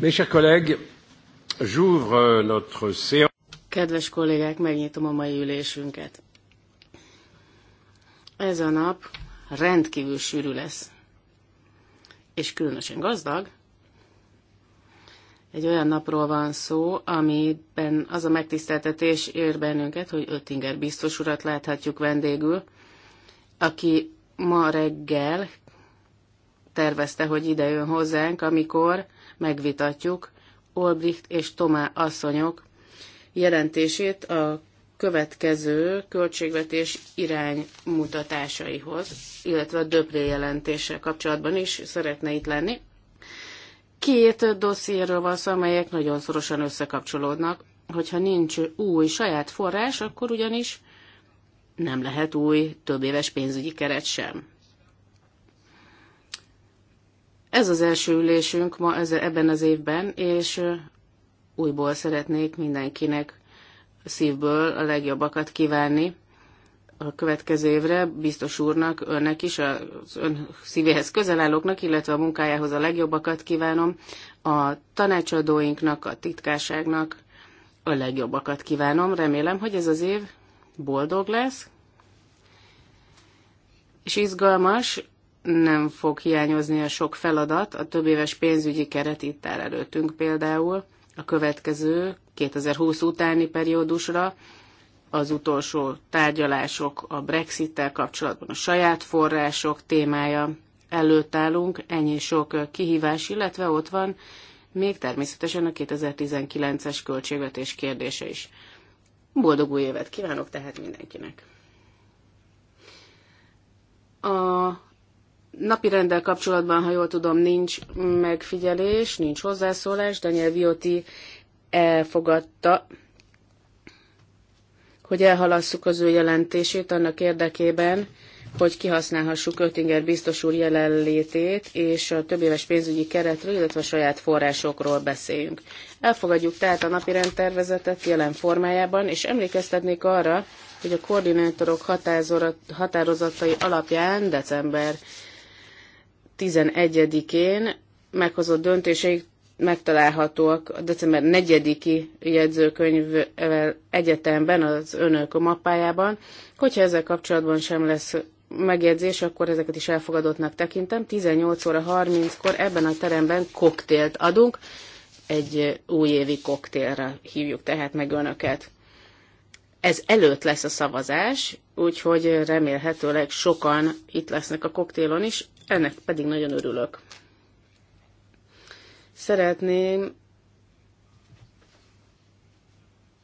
Euh, Kedves kollégák, megnyitom a mai ülésünket. Ez a nap rendkívül sűrű lesz, és különösen gazdag. Egy olyan napról van szó, amiben az a megtiszteltetés ér bennünket, hogy Öttinger biztos urat láthatjuk vendégül, aki ma reggel tervezte, hogy idejön hozzánk, amikor megvitatjuk Olbricht és Tomá asszonyok jelentését a következő költségvetés iránymutatásaihoz, illetve a Döpré jelentéssel kapcsolatban is szeretne itt lenni. Két dossziéről van szó, amelyek nagyon szorosan összekapcsolódnak. Hogyha nincs új saját forrás, akkor ugyanis nem lehet új többéves pénzügyi keret sem. Ez az első ülésünk ma ez, ebben az évben, és újból szeretnék mindenkinek szívből a legjobbakat kívánni a következő évre. Biztos úrnak, önnek is, az ön szívéhez közel állóknak, illetve a munkájához a legjobbakat kívánom. A tanácsadóinknak, a titkárságnak a legjobbakat kívánom. Remélem, hogy ez az év boldog lesz, és izgalmas, nem fog hiányozni a sok feladat. A több éves pénzügyi keret itt áll előttünk például a következő 2020 utáni periódusra, az utolsó tárgyalások a Brexit-tel kapcsolatban a saját források témája előtt állunk, ennyi sok kihívás, illetve ott van még természetesen a 2019-es költségvetés kérdése is. Boldog új évet kívánok tehát mindenkinek! A napi rendel kapcsolatban, ha jól tudom, nincs megfigyelés, nincs hozzászólás. Daniel Vioti elfogadta, hogy elhalasszuk az ő jelentését annak érdekében, hogy kihasználhassuk Öttinger biztos úr jelenlétét, és a több éves pénzügyi keretről, illetve a saját forrásokról beszéljünk. Elfogadjuk tehát a napi rendtervezetet jelen formájában, és emlékeztetnék arra, hogy a koordinátorok határozatai alapján december 11-én meghozott döntéseik megtalálhatóak a december 4-i jegyzőkönyv egyetemben, az önök a mappájában. Hogyha ezzel kapcsolatban sem lesz megjegyzés, akkor ezeket is elfogadottnak tekintem. 18 óra 30-kor ebben a teremben koktélt adunk, egy újévi koktélra hívjuk tehát meg önöket. Ez előtt lesz a szavazás, úgyhogy remélhetőleg sokan itt lesznek a koktélon is ennek pedig nagyon örülök. Szeretném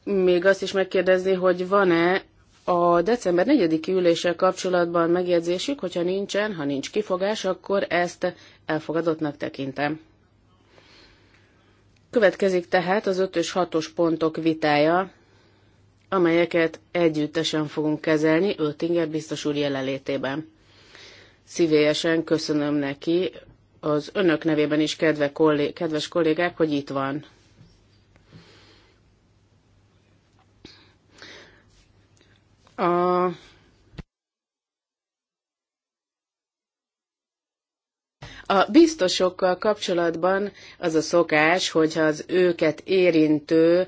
még azt is megkérdezni, hogy van-e a december 4-i üléssel kapcsolatban megjegyzésük, hogyha nincsen, ha nincs kifogás, akkor ezt elfogadottnak tekintem. Következik tehát az 5 és 6-os pontok vitája, amelyeket együttesen fogunk kezelni Öltinger biztos úr jelenlétében szívélyesen köszönöm neki, az önök nevében is kedve kollé- kedves kollégák, hogy itt van. A A biztosokkal kapcsolatban az a szokás, hogyha az őket érintő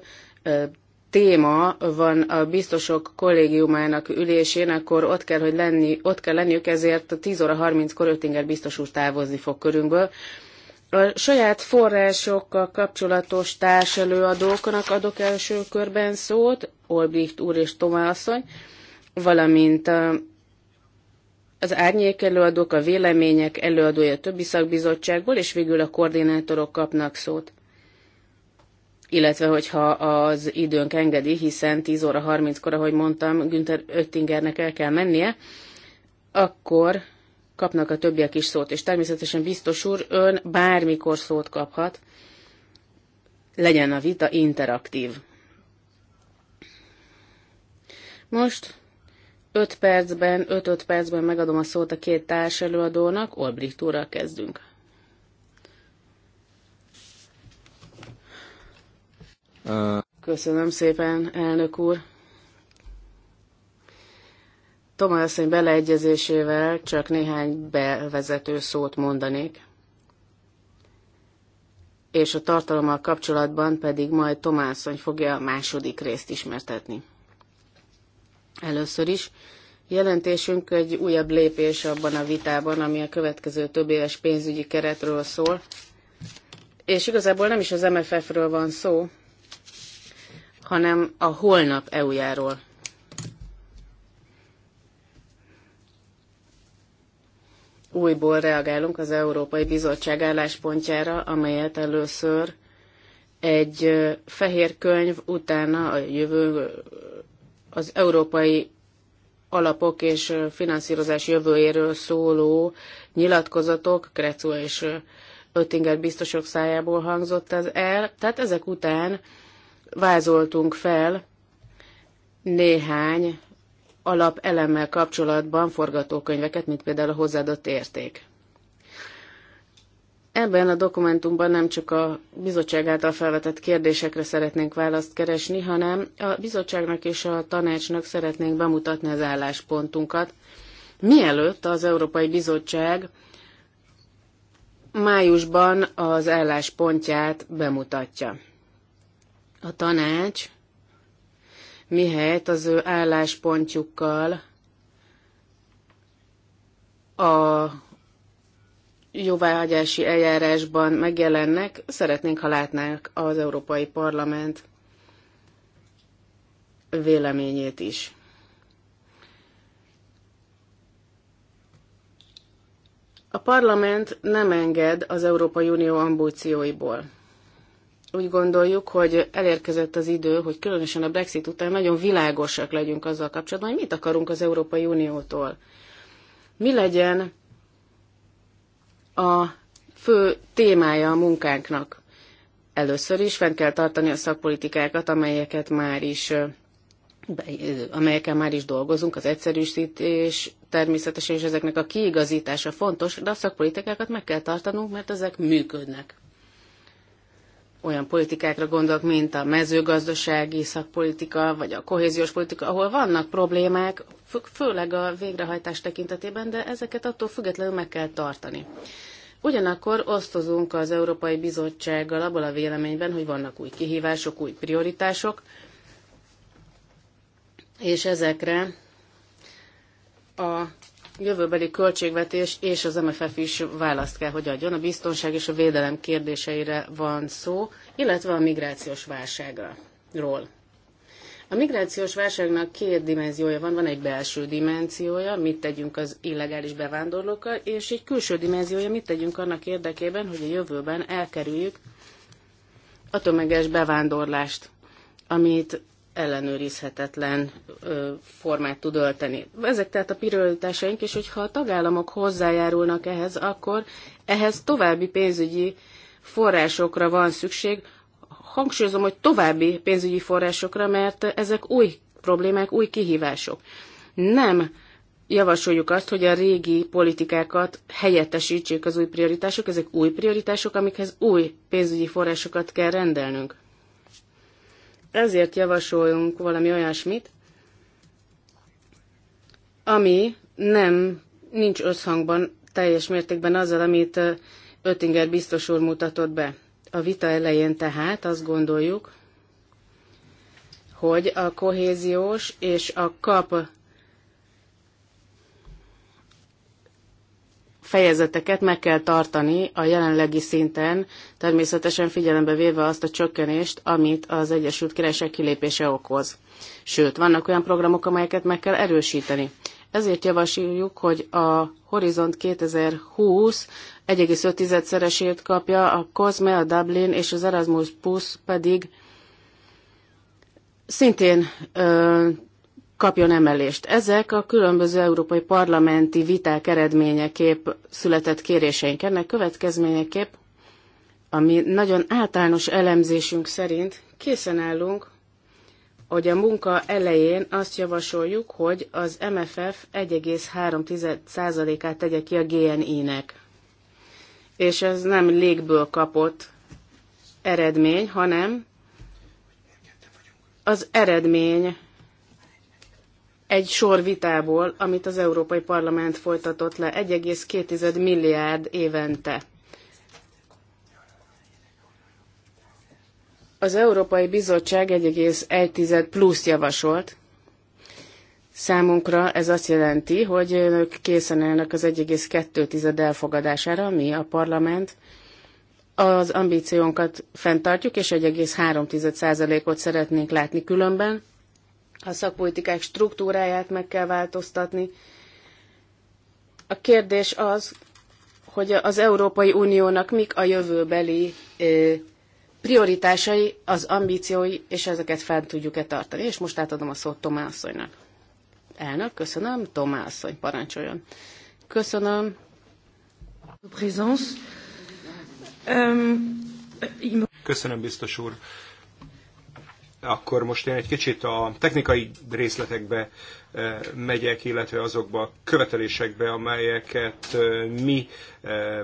téma van a biztosok kollégiumának ülésén, akkor ott kell, hogy lenni, ott kell lenniük, ezért 10 óra 30-kor Öttinger biztos úr távozni fog körünkből. A saját forrásokkal kapcsolatos társelőadóknak adok első körben szót, Olbricht úr és Tomá asszony, valamint az árnyék előadók, a vélemények előadója többi szakbizottságból, és végül a koordinátorok kapnak szót illetve hogyha az időnk engedi, hiszen 10 óra 30-kor, ahogy mondtam, Günther Öttingernek el kell mennie, akkor kapnak a többiek is szót, és természetesen biztos úr, ön bármikor szót kaphat, legyen a vita interaktív. Most 5 percben, 5-5 percben megadom a szót a két társ előadónak, Olbricht úrral kezdünk. Köszönöm szépen, elnök úr. Tomás asszony beleegyezésével csak néhány bevezető szót mondanék, és a tartalommal kapcsolatban pedig majd asszony fogja a második részt ismertetni. Először is jelentésünk egy újabb lépés abban a vitában, ami a következő több éves pénzügyi keretről szól, és igazából nem is az MFF-ről van szó, hanem a holnap EU-járól. Újból reagálunk az Európai Bizottság álláspontjára, amelyet először egy fehér könyv, utána a jövő az európai alapok és finanszírozás jövőjéről szóló nyilatkozatok, Krecu és Öttinger biztosok szájából hangzott ez el. Tehát ezek után vázoltunk fel néhány alapelemmel kapcsolatban forgatókönyveket, mint például a hozzáadott érték. Ebben a dokumentumban nem csak a bizottság által felvetett kérdésekre szeretnénk választ keresni, hanem a bizottságnak és a tanácsnak szeretnénk bemutatni az álláspontunkat, mielőtt az Európai Bizottság májusban az álláspontját bemutatja. A tanács mihelyt az ő álláspontjukkal a jóváhagyási eljárásban megjelennek, szeretnénk, ha látnák az Európai Parlament véleményét is. A parlament nem enged az Európai Unió ambícióiból úgy gondoljuk, hogy elérkezett az idő, hogy különösen a Brexit után nagyon világosak legyünk azzal kapcsolatban, hogy mit akarunk az Európai Uniótól. Mi legyen a fő témája a munkánknak? Először is fent kell tartani a szakpolitikákat, amelyeket már is amelyeken már is dolgozunk, az egyszerűsítés természetesen, és ezeknek a kiigazítása fontos, de a szakpolitikákat meg kell tartanunk, mert ezek működnek olyan politikákra gondolok, mint a mezőgazdasági szakpolitika, vagy a kohéziós politika, ahol vannak problémák, főleg a végrehajtás tekintetében, de ezeket attól függetlenül meg kell tartani. Ugyanakkor osztozunk az Európai Bizottsággal abban a véleményben, hogy vannak új kihívások, új prioritások, és ezekre a jövőbeli költségvetés és az MFF is választ kell, hogy adjon. A biztonság és a védelem kérdéseire van szó, illetve a migrációs válságra. Ról. A migrációs válságnak két dimenziója van, van egy belső dimenziója, mit tegyünk az illegális bevándorlókkal, és egy külső dimenziója, mit tegyünk annak érdekében, hogy a jövőben elkerüljük a tömeges bevándorlást, amit ellenőrizhetetlen ö, formát tud ölteni. Ezek tehát a pirulításaink, és hogyha a tagállamok hozzájárulnak ehhez, akkor ehhez további pénzügyi forrásokra van szükség. Hangsúlyozom, hogy további pénzügyi forrásokra, mert ezek új problémák, új kihívások. Nem javasoljuk azt, hogy a régi politikákat helyettesítsék az új prioritások, ezek új prioritások, amikhez új pénzügyi forrásokat kell rendelnünk. Ezért javasoljunk valami olyasmit, ami nem nincs összhangban teljes mértékben azzal, amit Öttinger biztos úr mutatott be. A vita elején tehát azt gondoljuk, hogy a kohéziós és a kap fejezeteket meg kell tartani a jelenlegi szinten, természetesen figyelembe véve azt a csökkenést, amit az Egyesült Királyság kilépése okoz. Sőt, vannak olyan programok, amelyeket meg kell erősíteni. Ezért javasoljuk, hogy a Horizont 2020 1,5-szeresét kapja, a COSME, a Dublin és az Erasmus Plus pedig szintén ö, kapjon emelést. Ezek a különböző európai parlamenti viták eredményeképp született kéréseink. Ennek következményeképp, ami nagyon általános elemzésünk szerint készen állunk, hogy a munka elején azt javasoljuk, hogy az MFF 1,3%-át tegye ki a GNI-nek. És ez nem légből kapott eredmény, hanem az eredmény egy sor vitából, amit az Európai Parlament folytatott le 1,2 milliárd évente. Az Európai Bizottság 1,1 plusz javasolt. Számunkra ez azt jelenti, hogy ők készen állnak az 1,2 elfogadására, mi a parlament az ambíciónkat fenntartjuk, és 1,3%-ot szeretnénk látni különben a szakpolitikák struktúráját meg kell változtatni. A kérdés az, hogy az Európai Uniónak mik a jövőbeli prioritásai, az ambíciói, és ezeket fent tudjuk-e tartani. És most átadom a szót Tomá asszonynak. Elnök, köszönöm. Tomá asszony, parancsoljon. Köszönöm. Euh, köszönöm, biztos úr akkor most én egy kicsit a technikai részletekbe megyek, illetve azokba a követelésekbe, amelyeket mi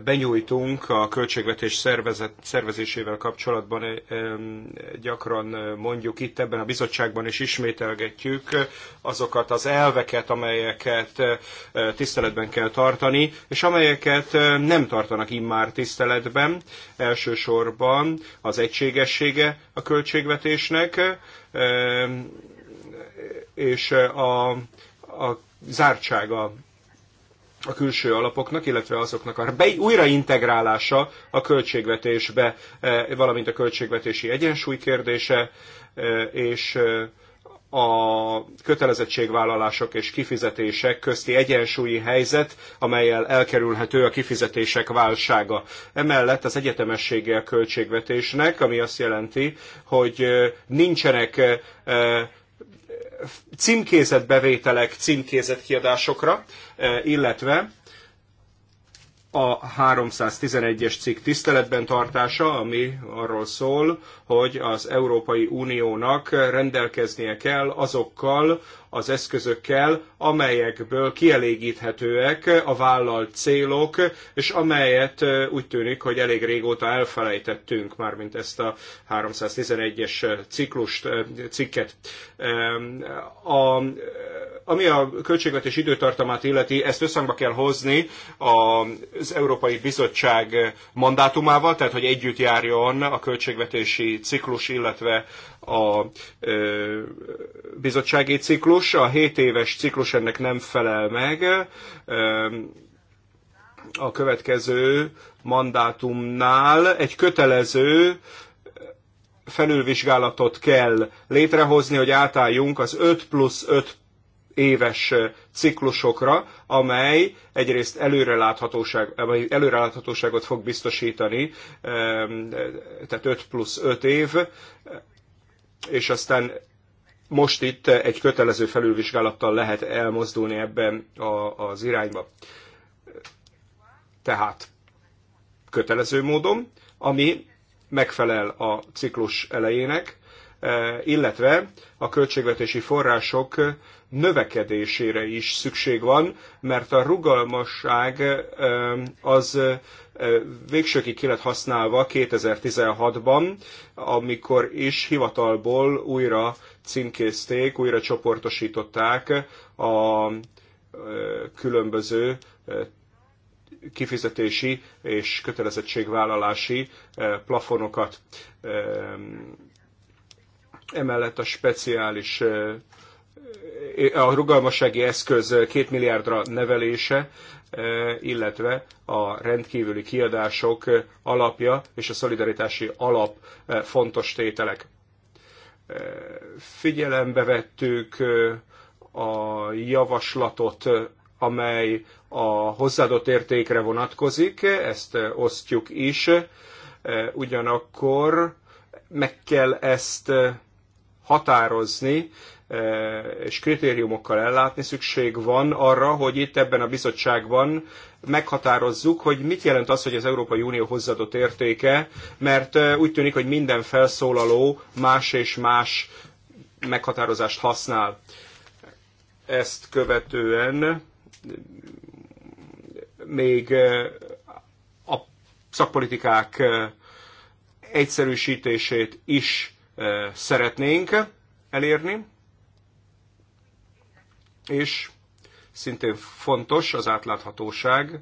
benyújtunk a költségvetés szervezet, szervezésével kapcsolatban gyakran mondjuk itt ebben a bizottságban is ismételgetjük azokat az elveket, amelyeket tiszteletben kell tartani, és amelyeket nem tartanak immár tiszteletben, elsősorban az egységessége a költségvetésnek, és a, a zártsága a külső alapoknak, illetve azoknak a be, újraintegrálása a költségvetésbe, valamint a költségvetési egyensúly kérdése, és a kötelezettségvállalások és kifizetések közti egyensúlyi helyzet, amelyel elkerülhető a kifizetések válsága. Emellett az egyetemessége a költségvetésnek, ami azt jelenti, hogy nincsenek címkézett bevételek címkézett kiadásokra, e, illetve a 311-es cikk tiszteletben tartása, ami arról szól, hogy az Európai Uniónak rendelkeznie kell azokkal az eszközökkel, amelyekből kielégíthetőek a vállalt célok, és amelyet úgy tűnik, hogy elég régóta elfelejtettünk, mármint ezt a 311-es ciklust, cikket. A, ami a költségvetés időtartamát illeti, ezt összhangba kell hozni az Európai Bizottság mandátumával, tehát hogy együtt járjon a költségvetési ciklus, illetve a bizottsági ciklus, ciklusa, a 7 éves ciklus ennek nem felel meg. Ehm, a következő mandátumnál egy kötelező felülvizsgálatot kell létrehozni, hogy átálljunk az 5 plusz 5 éves ciklusokra, amely egyrészt előreláthatóság, előreláthatóságot fog biztosítani, ehm, tehát 5 plusz 5 év, és aztán most itt egy kötelező felülvizsgálattal lehet elmozdulni ebben a, az irányba. Tehát kötelező módon, ami megfelel a ciklus elejének, eh, illetve a költségvetési források növekedésére is szükség van, mert a rugalmasság az végsőkig ki lett használva 2016-ban, amikor is hivatalból újra címkézték, újra csoportosították a különböző kifizetési és kötelezettségvállalási plafonokat. Emellett a speciális a rugalmassági eszköz két milliárdra nevelése, e, illetve a rendkívüli kiadások alapja és a szolidaritási alap e, fontos tételek. E, figyelembe vettük a javaslatot, amely a hozzáadott értékre vonatkozik, ezt osztjuk is, ugyanakkor meg kell ezt határozni, és kritériumokkal ellátni, szükség van arra, hogy itt ebben a bizottságban meghatározzuk, hogy mit jelent az, hogy az Európai Unió hozzáadott értéke, mert úgy tűnik, hogy minden felszólaló más és más meghatározást használ. Ezt követően még a szakpolitikák egyszerűsítését is szeretnénk elérni. És szintén fontos az átláthatóság.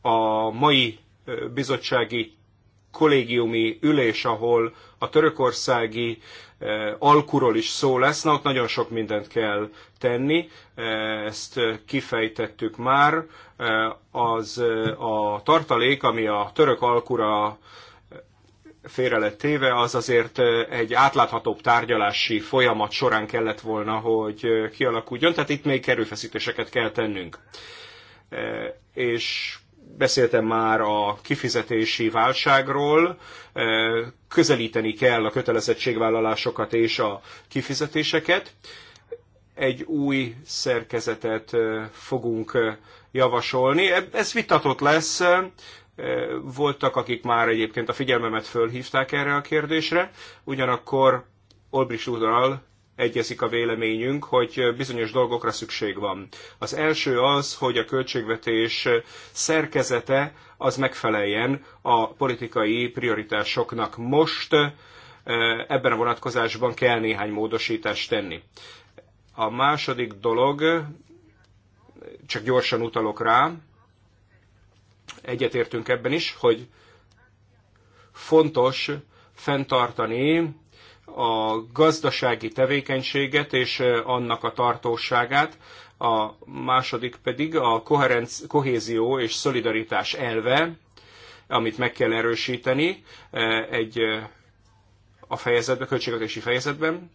A mai bizottsági kollégiumi ülés, ahol a törökországi alkuról is szó lesz, na ott nagyon sok mindent kell tenni, ezt kifejtettük már, az a tartalék, ami a török alkura félre lett téve, az azért egy átláthatóbb tárgyalási folyamat során kellett volna, hogy kialakuljon, tehát itt még kerülfeszítéseket kell tennünk. És beszéltem már a kifizetési válságról, közelíteni kell a kötelezettségvállalásokat és a kifizetéseket. Egy új szerkezetet fogunk javasolni. Ez vitatott lesz, voltak, akik már egyébként a figyelmemet fölhívták erre a kérdésre, ugyanakkor Olbrich úrral egyezik a véleményünk, hogy bizonyos dolgokra szükség van. Az első az, hogy a költségvetés szerkezete az megfeleljen a politikai prioritásoknak. Most ebben a vonatkozásban kell néhány módosítást tenni. A második dolog, csak gyorsan utalok rá, egyetértünk ebben is, hogy fontos fenntartani a gazdasági tevékenységet és annak a tartóságát, a második pedig a koherenc, kohézió és szolidaritás elve, amit meg kell erősíteni egy a fejezetben, költségvetési fejezetben,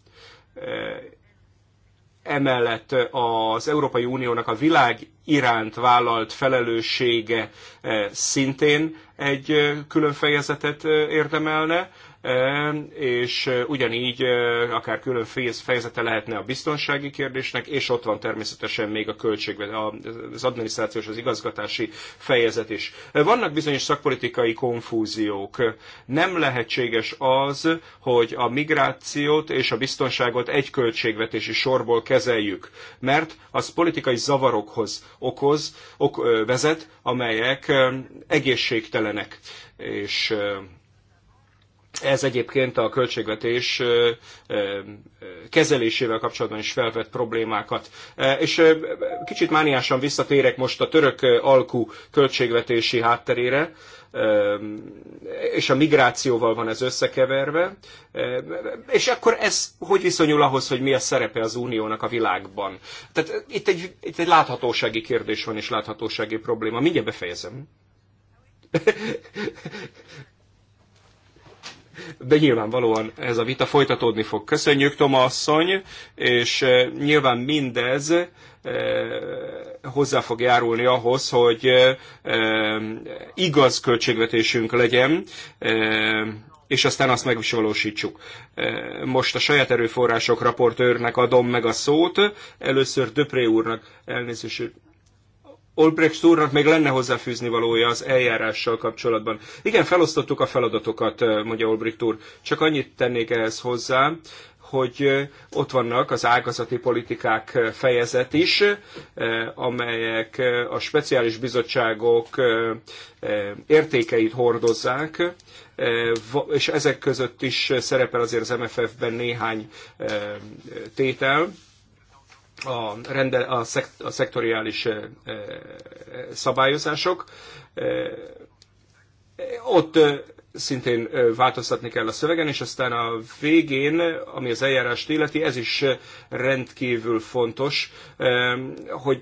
emellett az Európai Uniónak a világ iránt vállalt felelőssége szintén egy külön fejezetet érdemelne, és ugyanígy akár külön fejezete lehetne a biztonsági kérdésnek, és ott van természetesen még a költség, az adminisztrációs, az igazgatási fejezet is. Vannak bizonyos szakpolitikai konfúziók. Nem lehetséges az, hogy a migrációt és a biztonságot egy költségvetési sorból kezeljük, mert az politikai zavarokhoz okoz, ok, vezet, amelyek egészségtelenek és ez egyébként a költségvetés kezelésével kapcsolatban is felvett problémákat. És kicsit mániásan visszatérek most a török alkú költségvetési hátterére, és a migrációval van ez összekeverve, és akkor ez hogy viszonyul ahhoz, hogy mi a szerepe az uniónak a világban? Tehát itt egy, itt egy láthatósági kérdés van, és láthatósági probléma. Mindjárt befejezem de nyilvánvalóan ez a vita folytatódni fog. Köszönjük, Toma asszony, és eh, nyilván mindez eh, hozzá fog járulni ahhoz, hogy eh, igaz költségvetésünk legyen, és aztán azt meg is valósítsuk. Most a saját erőforrások raportőrnek adom meg a szót, először Döpré úrnak elnézést Olbrecht úrnak még lenne hozzáfűzni valója az eljárással kapcsolatban. Igen, felosztottuk a feladatokat, mondja Olbricht úr. Csak annyit tennék ehhez hozzá, hogy ott vannak az ágazati politikák fejezet is, amelyek a speciális bizottságok értékeit hordozzák, és ezek között is szerepel azért az MFF-ben néhány tétel, a, rendel, a, szekt, a szektoriális szabályozások. Ott szintén változtatni kell a szövegen, és aztán a végén, ami az eljárást illeti, ez is rendkívül fontos, hogy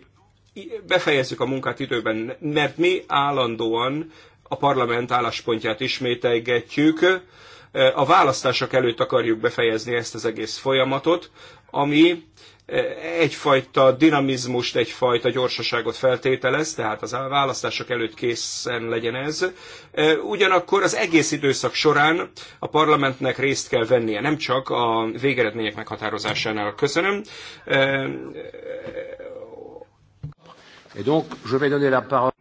befejezzük a munkát időben, mert mi állandóan a parlament álláspontját ismételgetjük, a választások előtt akarjuk befejezni ezt az egész folyamatot, ami egyfajta dinamizmust, egyfajta gyorsaságot feltételez, tehát az választások előtt készen legyen ez. E, ugyanakkor az egész időszak során a parlamentnek részt kell vennie, nem csak a végeredmények meghatározásánál. Köszönöm. E,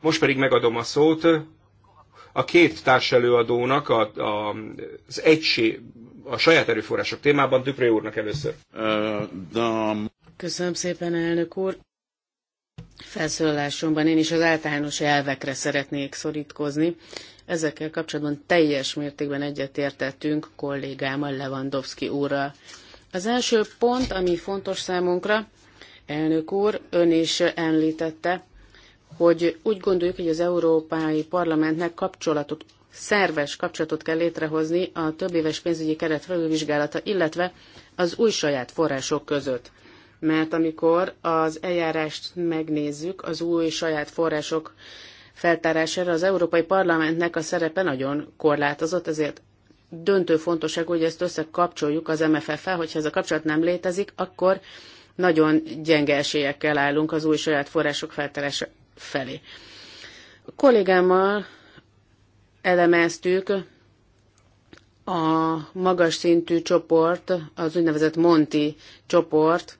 most pedig megadom a szót a két társelőadónak, a, a, az egység, a saját erőforrások témában. Dupré úrnak először. Köszönöm szépen, elnök úr. Felszólalásomban én is az általános elvekre szeretnék szorítkozni. Ezekkel kapcsolatban teljes mértékben egyetértettünk kollégámmal Lewandowski úrral. Az első pont, ami fontos számunkra, elnök úr, ön is említette, hogy úgy gondoljuk, hogy az Európai Parlamentnek kapcsolatot szerves kapcsolatot kell létrehozni a több éves pénzügyi keret felülvizsgálata, illetve az új saját források között. Mert amikor az eljárást megnézzük, az új saját források feltárására az Európai Parlamentnek a szerepe nagyon korlátozott, ezért döntő fontosság, hogy ezt összekapcsoljuk az MFF-fel, hogyha ez a kapcsolat nem létezik, akkor nagyon gyenge esélyekkel állunk az új saját források feltárása felé. A kollégámmal elemeztük a magas szintű csoport, az úgynevezett Monti csoport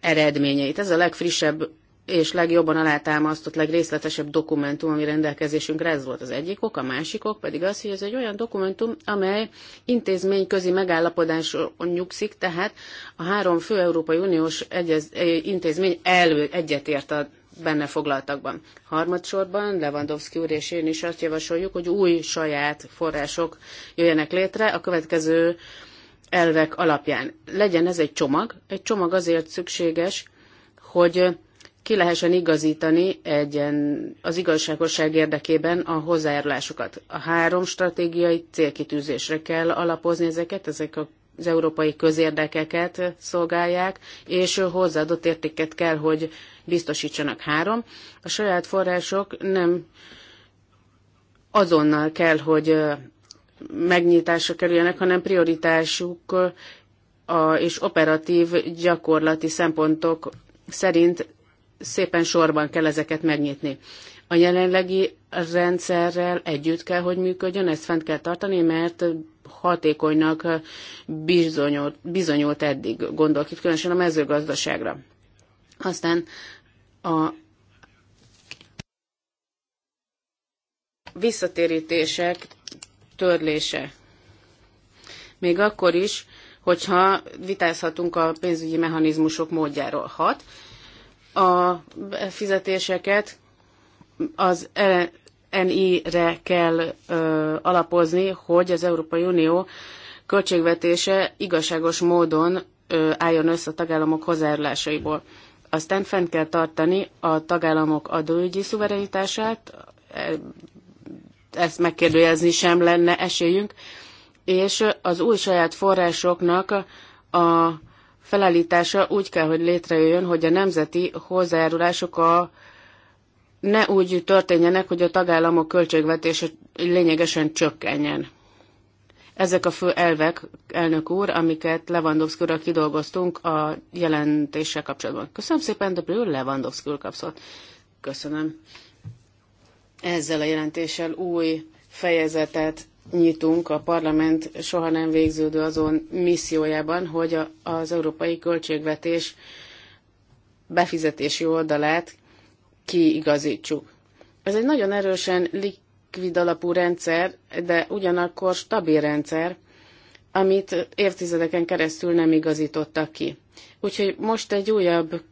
eredményeit. Ez a legfrissebb és legjobban alátámasztott, legrészletesebb dokumentum, ami rendelkezésünkre ez volt az egyik ok, a másik ok pedig az, hogy ez egy olyan dokumentum, amely intézményközi megállapodáson nyugszik, tehát a három fő Európai Uniós egyez, eh, intézmény elő egyetért a benne foglaltakban. Harmadsorban Lewandowski úr és én is azt javasoljuk, hogy új saját források jöjjenek létre a következő elvek alapján. Legyen ez egy csomag. Egy csomag azért szükséges, hogy ki lehessen igazítani egyen, az igazságosság érdekében a hozzájárulásokat. A három stratégiai célkitűzésre kell alapozni ezeket, ezek a az európai közérdekeket szolgálják, és hozzáadott értéket kell, hogy biztosítsanak három. A saját források nem azonnal kell, hogy megnyitásra kerüljenek, hanem prioritásuk a, és operatív gyakorlati szempontok szerint szépen sorban kell ezeket megnyitni. A jelenlegi rendszerrel együtt kell, hogy működjön, ezt fent kell tartani, mert hatékonynak bizonyult, bizonyult eddig, gondolok itt különösen a mezőgazdaságra. Aztán a visszatérítések törlése. Még akkor is, hogyha vitázhatunk a pénzügyi mechanizmusok módjáról. Hat, a fizetéseket az NI-re kell ö, alapozni, hogy az Európai Unió költségvetése igazságos módon ö, álljon össze a tagállamok hozzájárulásaiból. Aztán fent kell tartani a tagállamok adóügyi szuverenitását, e, ezt megkérdőjelezni sem lenne esélyünk, és az új saját forrásoknak a felállítása úgy kell, hogy létrejöjjön, hogy a nemzeti hozzájárulások a ne úgy történjenek, hogy a tagállamok költségvetése lényegesen csökkenjen. Ezek a fő elvek, elnök úr, amiket lewandowski kidolgoztunk a jelentéssel kapcsolatban. Köszönöm szépen, de például Lewandowski úr kapszott. Köszönöm. Ezzel a jelentéssel új fejezetet nyitunk a parlament soha nem végződő azon missziójában, hogy az európai költségvetés befizetési oldalát kiigazítsuk. Ez egy nagyon erősen likvid alapú rendszer, de ugyanakkor stabil rendszer, amit évtizedeken keresztül nem igazítottak ki. Úgyhogy most egy újabb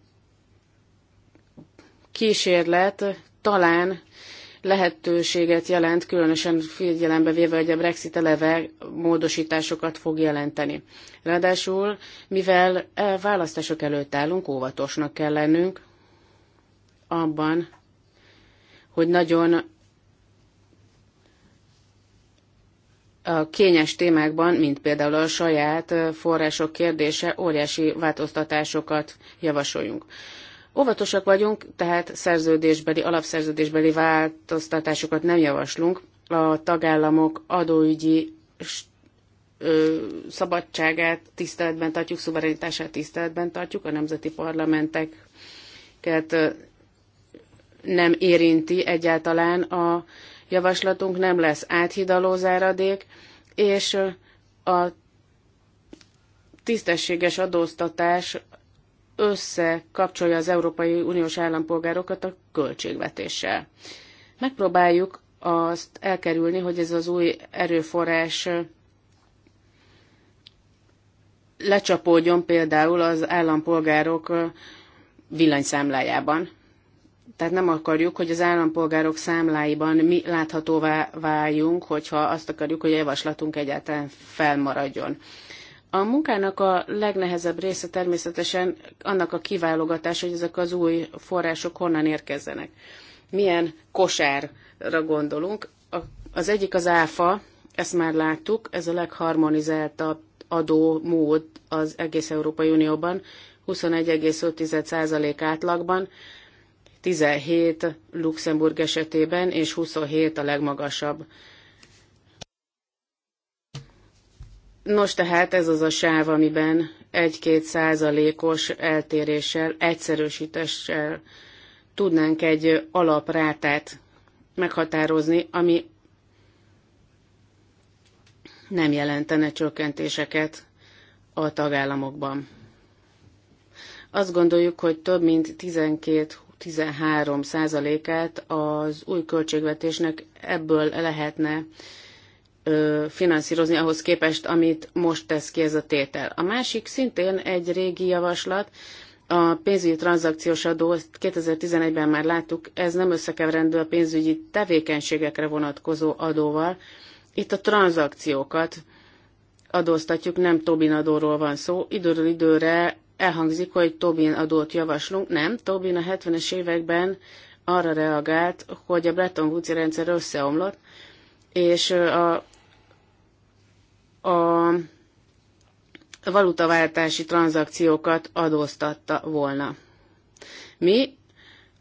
kísérlet talán lehetőséget jelent, különösen figyelembe véve, hogy a Brexit eleve módosításokat fog jelenteni. Ráadásul, mivel eh, választások előtt állunk, óvatosnak kell lennünk, abban, hogy nagyon a kényes témákban, mint például a saját források kérdése, óriási változtatásokat javasoljunk. Óvatosak vagyunk, tehát szerződésbeli, alapszerződésbeli változtatásokat nem javaslunk. A tagállamok adóügyi szabadságát tiszteletben tartjuk, szuverenitását tiszteletben tartjuk, a nemzeti parlamenteket nem érinti egyáltalán a javaslatunk, nem lesz áthidaló záradék, és a tisztességes adóztatás összekapcsolja az Európai Uniós állampolgárokat a költségvetéssel. Megpróbáljuk azt elkerülni, hogy ez az új erőforrás lecsapódjon például az állampolgárok villanyszámlájában. Tehát nem akarjuk, hogy az állampolgárok számláiban mi láthatóvá váljunk, hogyha azt akarjuk, hogy a javaslatunk egyáltalán felmaradjon. A munkának a legnehezebb része természetesen annak a kiválogatás, hogy ezek az új források honnan érkezzenek. Milyen kosárra gondolunk. Az egyik az áfa, ezt már láttuk, ez a legharmonizáltabb adó mód az egész Európai Unióban, 21,5% átlagban 17 Luxemburg esetében, és 27 a legmagasabb. Nos, tehát ez az a sáv, amiben 1-2 százalékos eltéréssel, egyszerűsítéssel tudnánk egy alaprátát meghatározni, ami nem jelentene csökkentéseket a tagállamokban. Azt gondoljuk, hogy több mint 13%-át az új költségvetésnek ebből lehetne ö, finanszírozni ahhoz képest, amit most tesz ki ez a tétel. A másik szintén egy régi javaslat, a pénzügyi tranzakciós adó, 2011-ben már láttuk, ez nem összekeverendő a pénzügyi tevékenységekre vonatkozó adóval. Itt a tranzakciókat adóztatjuk, nem Tobin adóról van szó. Időről időre elhangzik, hogy Tobin adót javaslunk. Nem, Tobin a 70-es években arra reagált, hogy a Bretton woods rendszer összeomlott, és a, a valutaváltási tranzakciókat adóztatta volna. Mi,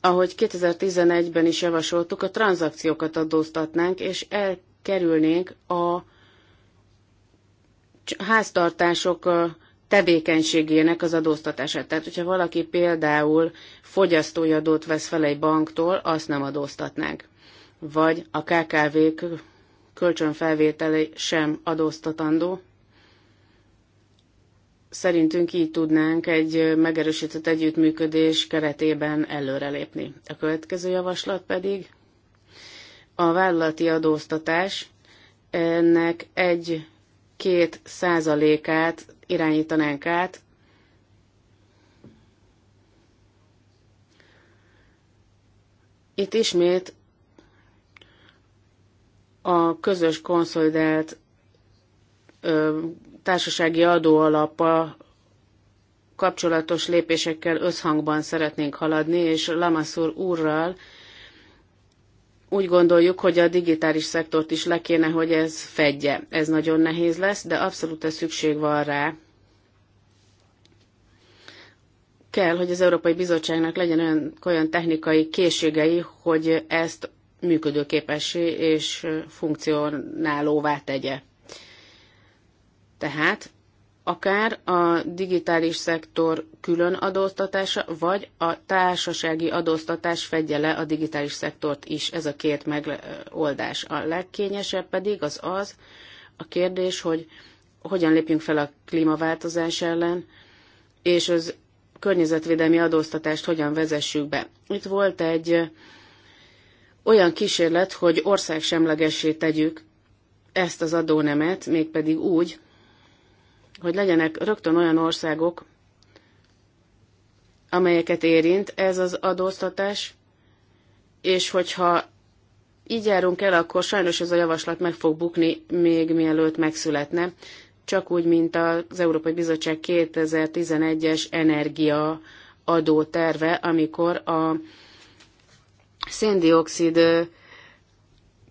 ahogy 2011-ben is javasoltuk, a tranzakciókat adóztatnánk, és elkerülnénk a háztartások tevékenységének az adóztatását. Tehát, hogyha valaki például fogyasztói adót vesz fel egy banktól, azt nem adóztatnánk. Vagy a KKV kölcsönfelvételei sem adóztatandó. Szerintünk így tudnánk egy megerősített együttműködés keretében előrelépni. A következő javaslat pedig a vállalati adóztatás ennek egy-két százalékát irányítanánk át, Itt ismét a közös konszolidált ö, társasági adóalapa kapcsolatos lépésekkel összhangban szeretnénk haladni, és Lamassur úrral úgy gondoljuk, hogy a digitális szektort is le kéne, hogy ez fedje. Ez nagyon nehéz lesz, de abszolút a szükség van rá. Kell, hogy az Európai Bizottságnak legyen olyan, olyan technikai készségei, hogy ezt működőképessé és funkcionálóvá tegye. Tehát akár a digitális szektor külön adóztatása, vagy a társasági adóztatás fedje le a digitális szektort is. Ez a két megoldás. A legkényesebb pedig az az a kérdés, hogy hogyan lépjünk fel a klímaváltozás ellen, és az környezetvédelmi adóztatást hogyan vezessük be. Itt volt egy olyan kísérlet, hogy országsemlegessé tegyük ezt az adónemet, mégpedig úgy, hogy legyenek rögtön olyan országok, amelyeket érint ez az adóztatás, és hogyha így járunk el, akkor sajnos ez a javaslat meg fog bukni, még mielőtt megszületne, csak úgy, mint az Európai Bizottság 2011-es energia adó terve, amikor a széndiokszid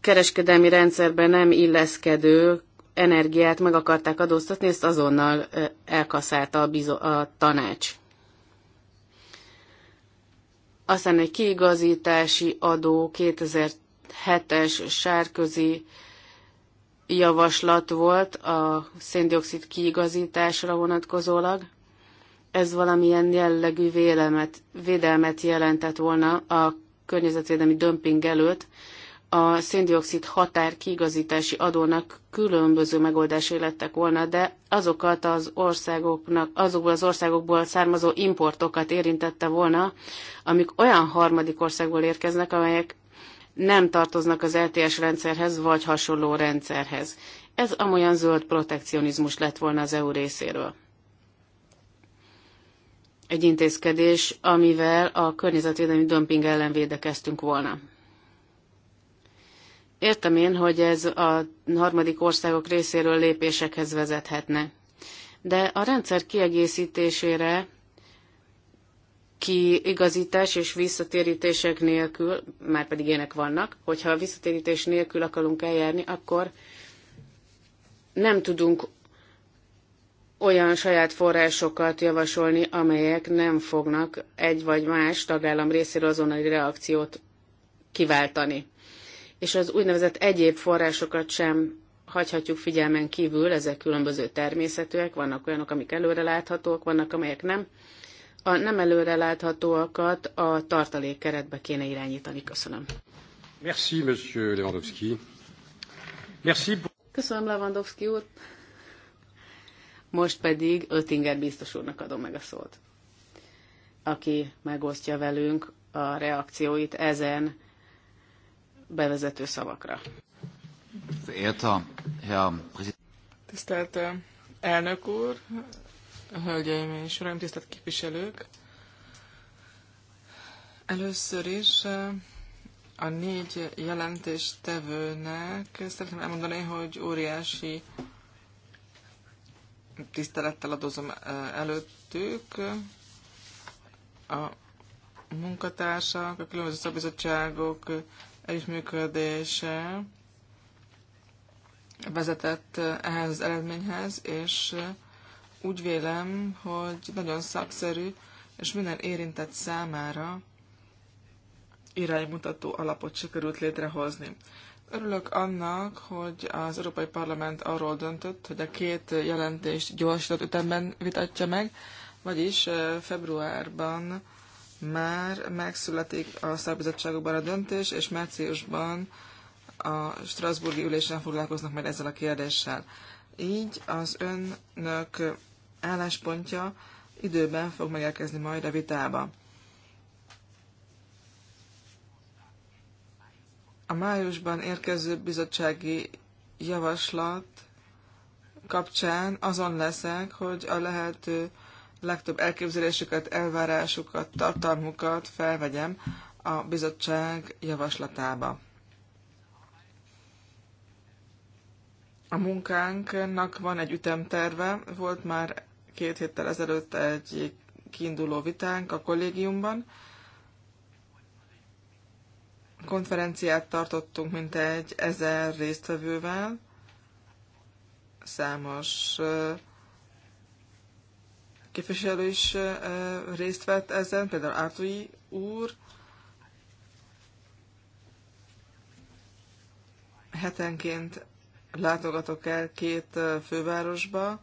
kereskedelmi rendszerbe nem illeszkedő energiát meg akarták adóztatni, ezt azonnal elkaszálta a, bizo- a tanács. Aztán egy kiigazítási adó 2007-es sárközi javaslat volt a széndiokszid kiigazításra vonatkozólag. Ez valamilyen jellegű vélemet, védelmet jelentett volna a környezetvédelmi dömping előtt, a széndiokszid határ kiigazítási adónak különböző megoldásai lettek volna, de azokat az országoknak, azokból az országokból származó importokat érintette volna, amik olyan harmadik országból érkeznek, amelyek nem tartoznak az LTS rendszerhez, vagy hasonló rendszerhez. Ez amolyan zöld protekcionizmus lett volna az EU részéről. Egy intézkedés, amivel a környezetvédelmi dömping ellen védekeztünk volna. Értem én, hogy ez a harmadik országok részéről lépésekhez vezethetne. De a rendszer kiegészítésére kiigazítás és visszatérítések nélkül, már pedig ilyenek vannak, hogyha a visszatérítés nélkül akarunk eljárni, akkor nem tudunk olyan saját forrásokat javasolni, amelyek nem fognak egy vagy más tagállam részéről azonnali reakciót kiváltani és az úgynevezett egyéb forrásokat sem hagyhatjuk figyelmen kívül, ezek különböző természetűek, vannak olyanok, amik előreláthatóak, vannak, amelyek nem. A nem előreláthatóakat a tartalék keretbe kéne irányítani. Köszönöm. Merci, monsieur Lewandowski. Merci. Köszönöm, Lewandowski úr. Most pedig Ötinger biztos úrnak adom meg a szót, aki megosztja velünk a reakcióit ezen bevezető szavakra. Tisztelt elnök úr, hölgyeim és uraim, tisztelt képviselők! Először is a négy jelentéstevőnek szeretném elmondani, hogy óriási tisztelettel adozom előttük. A munkatársak, a különböző szabizottságok együttműködése vezetett ehhez az eredményhez, és úgy vélem, hogy nagyon szakszerű, és minden érintett számára iránymutató alapot sikerült létrehozni. Örülök annak, hogy az Európai Parlament arról döntött, hogy a két jelentést gyorsított ütemben vitatja meg, vagyis februárban már megszületik a szakbizottságokban a döntés, és márciusban a Strasburgi ülésen foglalkoznak majd ezzel a kérdéssel. Így az önök álláspontja időben fog megérkezni majd a vitába. A májusban érkező bizottsági javaslat kapcsán azon leszek, hogy a lehető legtöbb elképzeléseket elvárásukat, tartalmukat felvegyem a bizottság javaslatába. A munkánknak van egy ütemterve, volt már két héttel ezelőtt egy kiinduló vitánk a kollégiumban. Konferenciát tartottunk mintegy ezer résztvevővel, számos képviselő is részt vett ezen, például Ártói úr. Hetenként látogatok el két fővárosba,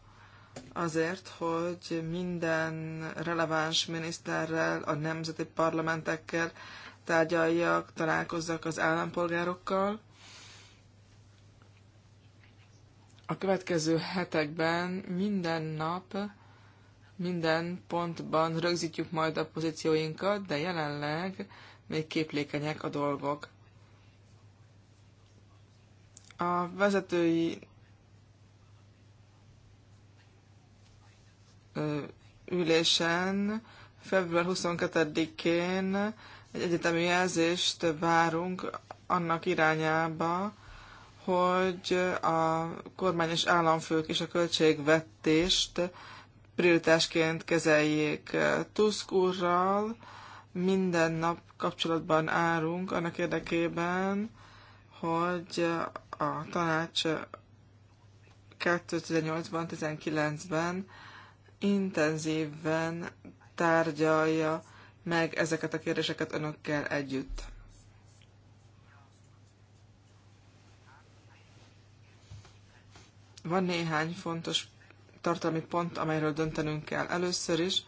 azért, hogy minden releváns miniszterrel, a nemzeti parlamentekkel tárgyaljak, találkozzak az állampolgárokkal. A következő hetekben minden nap minden pontban rögzítjük majd a pozícióinkat, de jelenleg még képlékenyek a dolgok. A vezetői ülésen február 22-én egy egyetemi jelzést várunk annak irányába, hogy a kormányos államfők és a költségvetést prioritásként kezeljék. Eh, Tusk úrral minden nap kapcsolatban állunk annak érdekében, hogy eh, a tanács 2018-ban, eh, 19-ben intenzíven tárgyalja meg ezeket a kérdéseket önökkel együtt. Van néhány fontos tartalmi pont, amelyről döntenünk kell. Először is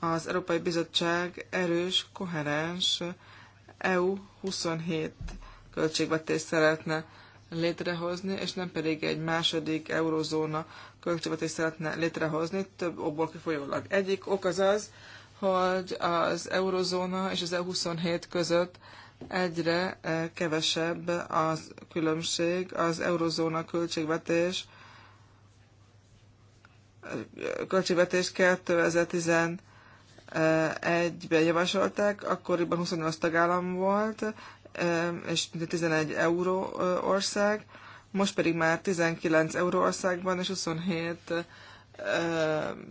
az Európai Bizottság erős, koherens EU 27 költségvetést szeretne létrehozni, és nem pedig egy második eurozóna költségvetést szeretne létrehozni, több okból kifolyólag. Egyik ok az az, hogy az eurozóna és az EU27 között egyre eh, kevesebb az különbség, az eurozóna költségvetés költségvetés 2011-ben javasolták, akkoriban 28 tagállam volt, és 11 euró ország, most pedig már 19 euró országban és 27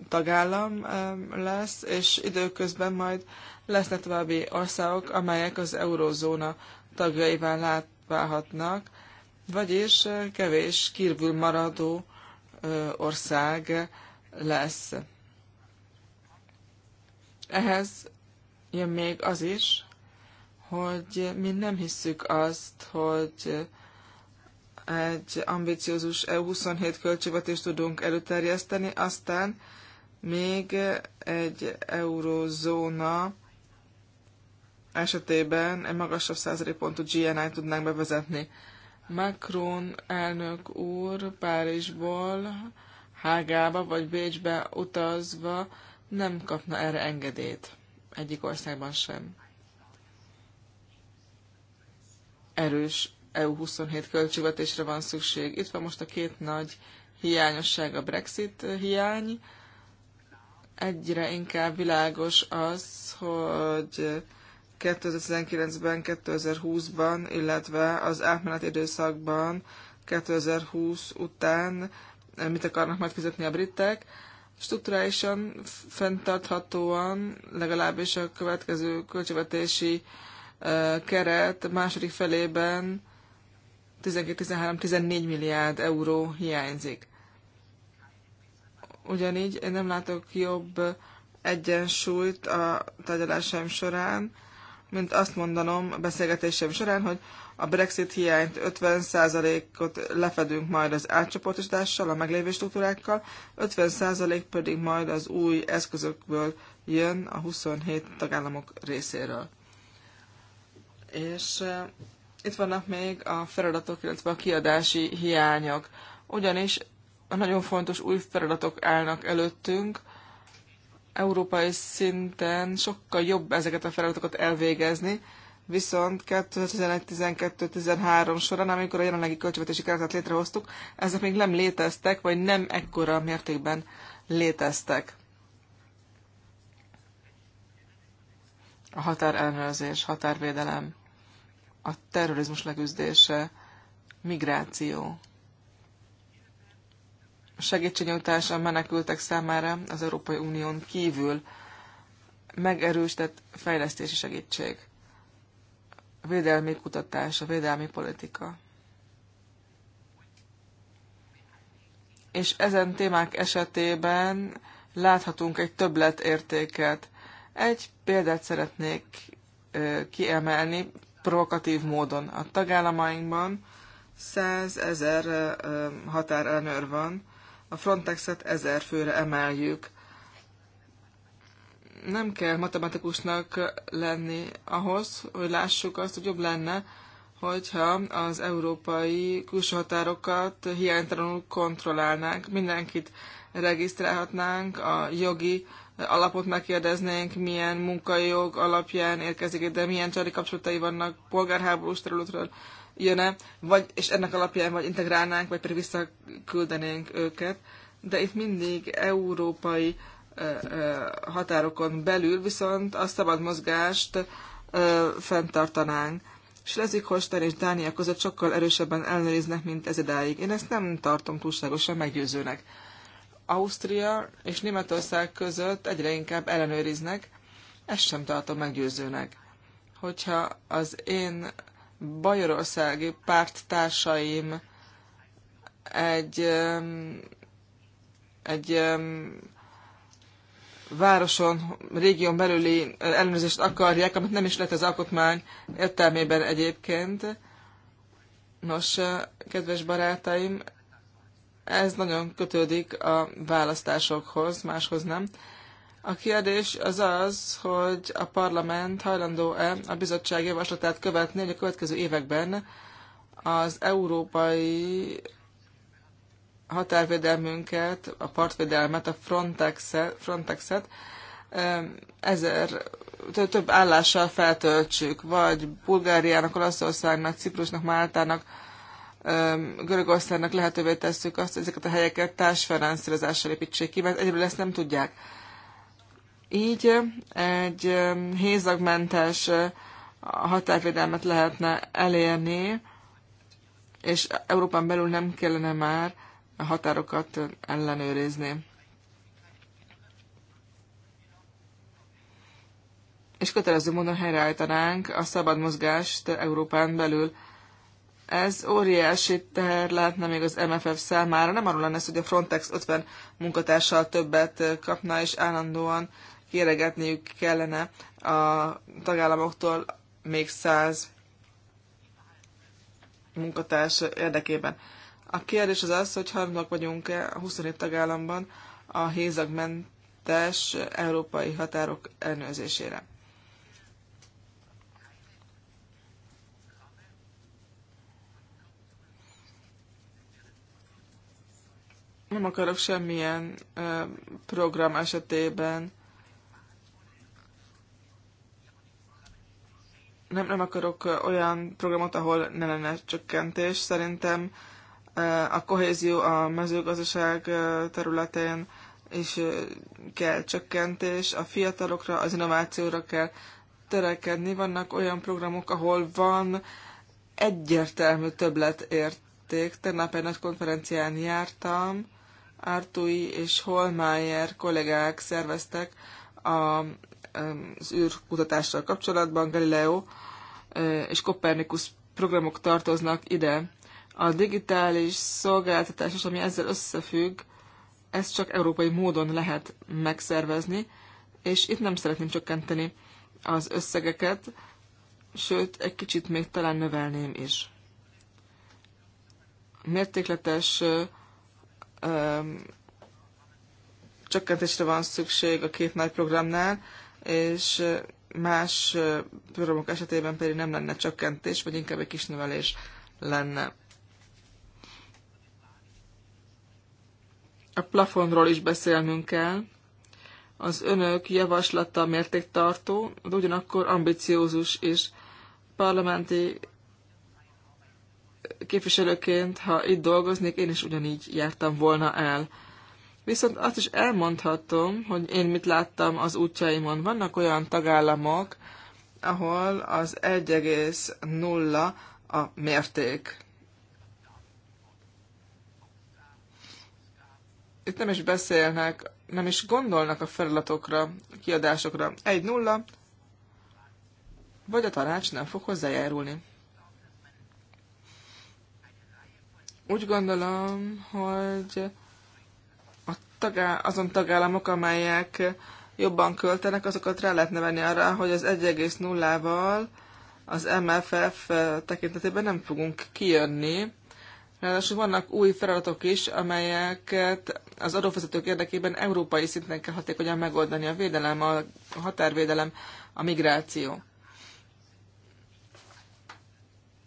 tagállam lesz, és időközben majd lesznek további országok, amelyek az eurózóna tagjaival válhatnak, vagyis kevés kívül maradó ország lesz. Ehhez jön még az is, hogy mi nem hisszük azt, hogy egy ambiciózus EU27 költségvetés tudunk előterjeszteni, aztán még egy eurozóna esetében egy magasabb százalékpontú GNI-t tudnánk bevezetni. Macron elnök úr Párizsból Hágába vagy Bécsbe utazva nem kapna erre engedélyt. Egyik országban sem. Erős EU27 költségvetésre van szükség. Itt van most a két nagy hiányosság, a Brexit hiány. Egyre inkább világos az, hogy 2019-ben, 2020-ban, illetve az átmeneti időszakban 2020 után eh, mit akarnak majd fizetni a britek. Strukturálisan, fenntarthatóan, legalábbis a következő költségvetési eh, keret második felében 12-13-14 milliárd euró hiányzik. Ugyanígy én nem látok jobb egyensúlyt a tárgyalásaim során mint azt mondanom a beszélgetésem során, hogy a Brexit hiányt 50%-ot lefedünk majd az átcsoportosítással, a meglévő struktúrákkal, 50% pedig majd az új eszközökből jön a 27 tagállamok részéről. És itt vannak még a feladatok, illetve a kiadási hiányok. Ugyanis a nagyon fontos új feladatok állnak előttünk, európai szinten sokkal jobb ezeket a feladatokat elvégezni, viszont 2011-12-13 során, amikor a jelenlegi költségvetési keretet létrehoztuk, ezek még nem léteztek, vagy nem ekkora mértékben léteztek. A határellenőrzés, határvédelem, a terrorizmus legüzdése, migráció segítségnyújtás a menekültek számára az Európai Unión kívül, megerősített fejlesztési segítség, védelmi kutatás, a védelmi politika. És ezen témák esetében láthatunk egy többletértéket. Egy példát szeretnék kiemelni provokatív módon. A tagállamainkban 100 ezer határelnőr van, a Frontexet ezer főre emeljük. Nem kell matematikusnak lenni ahhoz, hogy lássuk azt, hogy jobb lenne, hogyha az európai külső határokat hiánytalanul kontrollálnánk, mindenkit regisztrálhatnánk, a jogi alapot megkérdeznénk, milyen munkajog alapján érkezik de milyen családi kapcsolatai vannak polgárháborús területről, jön-e, vagy, és ennek alapján vagy integrálnánk, vagy pedig visszaküldenénk őket. De itt mindig európai határokon belül, viszont a szabad mozgást fenntartanánk. Schleswig-Holstein és Dánia között sokkal erősebben ellenőriznek, mint ez idáig. Én ezt nem tartom túlságosan meggyőzőnek. Ausztria és Németország között egyre inkább ellenőriznek, ezt sem tartom meggyőzőnek. Hogyha az én bajorországi párttársaim egy, egy városon, régión belüli ellenőrzést akarják, amit nem is lett az alkotmány értelmében egyébként. Nos, eh, kedves barátaim, ez nagyon kötődik a választásokhoz, máshoz nem. A kérdés az az, hogy a parlament hajlandó-e a bizottság javaslatát követni, hogy a következő években az európai határvédelmünket, a partvédelmet, a Frontex-et, Frontexet ezer, több állással feltöltsük, vagy Bulgáriának, Olaszországnak, Ciprusnak, Máltának, Görögországnak lehetővé tesszük azt, hogy ezeket a helyeket társfinanszírozással építsék ki, mert egyébként ezt nem tudják. Így egy hézagmentes határvédelmet lehetne elérni, és Európán belül nem kellene már a határokat ellenőrizni. És kötelező módon helyreállítanánk a szabad mozgást Európán belül. Ez óriási teher lehetne még az MFF számára. Nem arról lenne hogy a Frontex 50 munkatársal többet kapna, és állandóan kéregetniük kellene a tagállamoktól még száz munkatárs érdekében. A kérdés az az, hogy harmadnak vagyunk-e a 27 tagállamban a hézagmentes európai határok ellenőrzésére. Nem akarok semmilyen program esetében nem, nem akarok olyan programot, ahol ne lenne csökkentés. Szerintem a kohézió a mezőgazdaság területén is kell csökkentés, a fiatalokra, az innovációra kell törekedni. Vannak olyan programok, ahol van egyértelmű többletérték. Tegnap egy nagy konferencián jártam, Artui és Holmeyer kollégák szerveztek a, az űrkutatással kapcsolatban, Galileo és Kopernikus programok tartoznak ide. A digitális szolgáltatás, és ami ezzel összefügg, ezt csak európai módon lehet megszervezni, és itt nem szeretném csökkenteni az összegeket, sőt, egy kicsit még talán növelném is. Mértékletes ö, ö, csökkentésre van szükség a két nagy programnál, és más programok esetében pedig nem lenne csökkentés, vagy inkább egy kis növelés lenne. A plafonról is beszélnünk kell. Az önök javaslata mértéktartó, de ugyanakkor ambiciózus és Parlamenti képviselőként, ha itt dolgoznék, én is ugyanígy jártam volna el. Viszont azt is elmondhatom, hogy én mit láttam az útjaimon. Vannak olyan tagállamok, ahol az 1,0 a mérték. Itt nem is beszélnek, nem is gondolnak a feladatokra, a kiadásokra. 1-0, vagy a tanács nem fog hozzájárulni. Úgy gondolom, hogy a tagá, azon tagállamok, amelyek jobban költenek, azokat rá lehetne venni arra, hogy az 1,0-val az MFF tekintetében nem fogunk kijönni. Ráadásul vannak új feladatok is, amelyeket az adófizetők érdekében európai szinten kell hatékonyan megoldani. A védelem, a határvédelem, a migráció.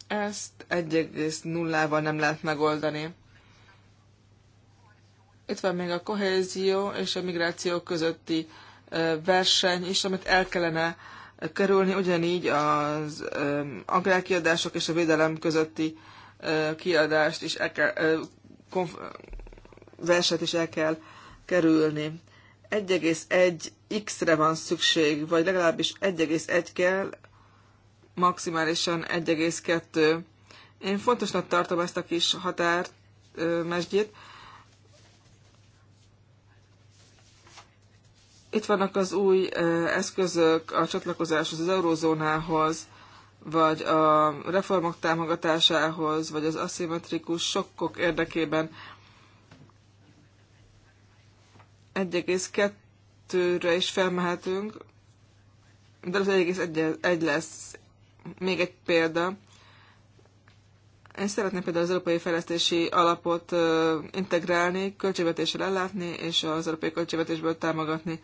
Ezt 1,0-val nem lehet megoldani. Itt van még a kohézió és a migráció közötti verseny is, amit el kellene kerülni, ugyanígy az agrárkiadások és a védelem közötti kiadást is el kell, konf- verset is el kell kerülni. 1,1 x-re van szükség, vagy legalábbis 1,1 kell, maximálisan 1,2. Én fontosnak tartom ezt a kis határmesdjét, Itt vannak az új eszközök a csatlakozáshoz, az eurózónához, vagy a reformok támogatásához, vagy az aszimmetrikus sokkok érdekében 1,2-re is felmehetünk, de az 1,1 lesz. Még egy példa. Én szeretném például az Európai Fejlesztési Alapot integrálni, költségvetéssel ellátni, és az Európai Költségvetésből támogatni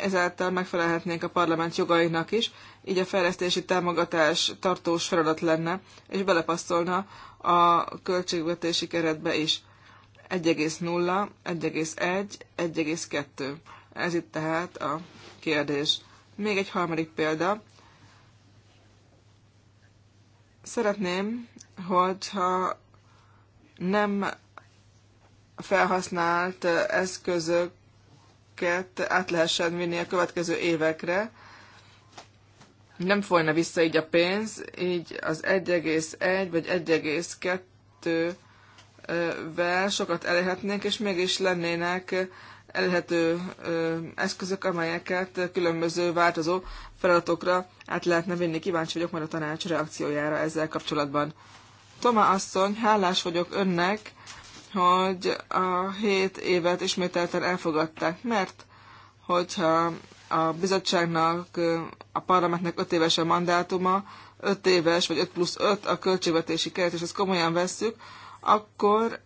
ezáltal megfelelhetnénk a parlament jogainak is, így a fejlesztési támogatás tartós feladat lenne, és belepasszolna a költségvetési keretbe is. 1,0, 1,1, 1,2. Ez itt tehát a kérdés. Még egy harmadik példa. Szeretném, hogyha nem felhasznált eszközök ezeket át lehessen vinni a következő évekre. Nem folyna vissza így a pénz, így az 1,1 vagy 1,2-vel sokat elérhetnénk, és mégis lennének elérhető eszközök, amelyeket különböző változó feladatokra át lehetne vinni. Kíváncsi vagyok majd a tanács reakciójára ezzel kapcsolatban. Toma asszony, hálás vagyok önnek hogy a 7 évet ismételten elfogadták, mert hogyha a bizottságnak, a parlamentnek 5 éves a mandátuma, 5 éves vagy 5 plusz 5 a költségvetési keret, és ezt komolyan vesszük, akkor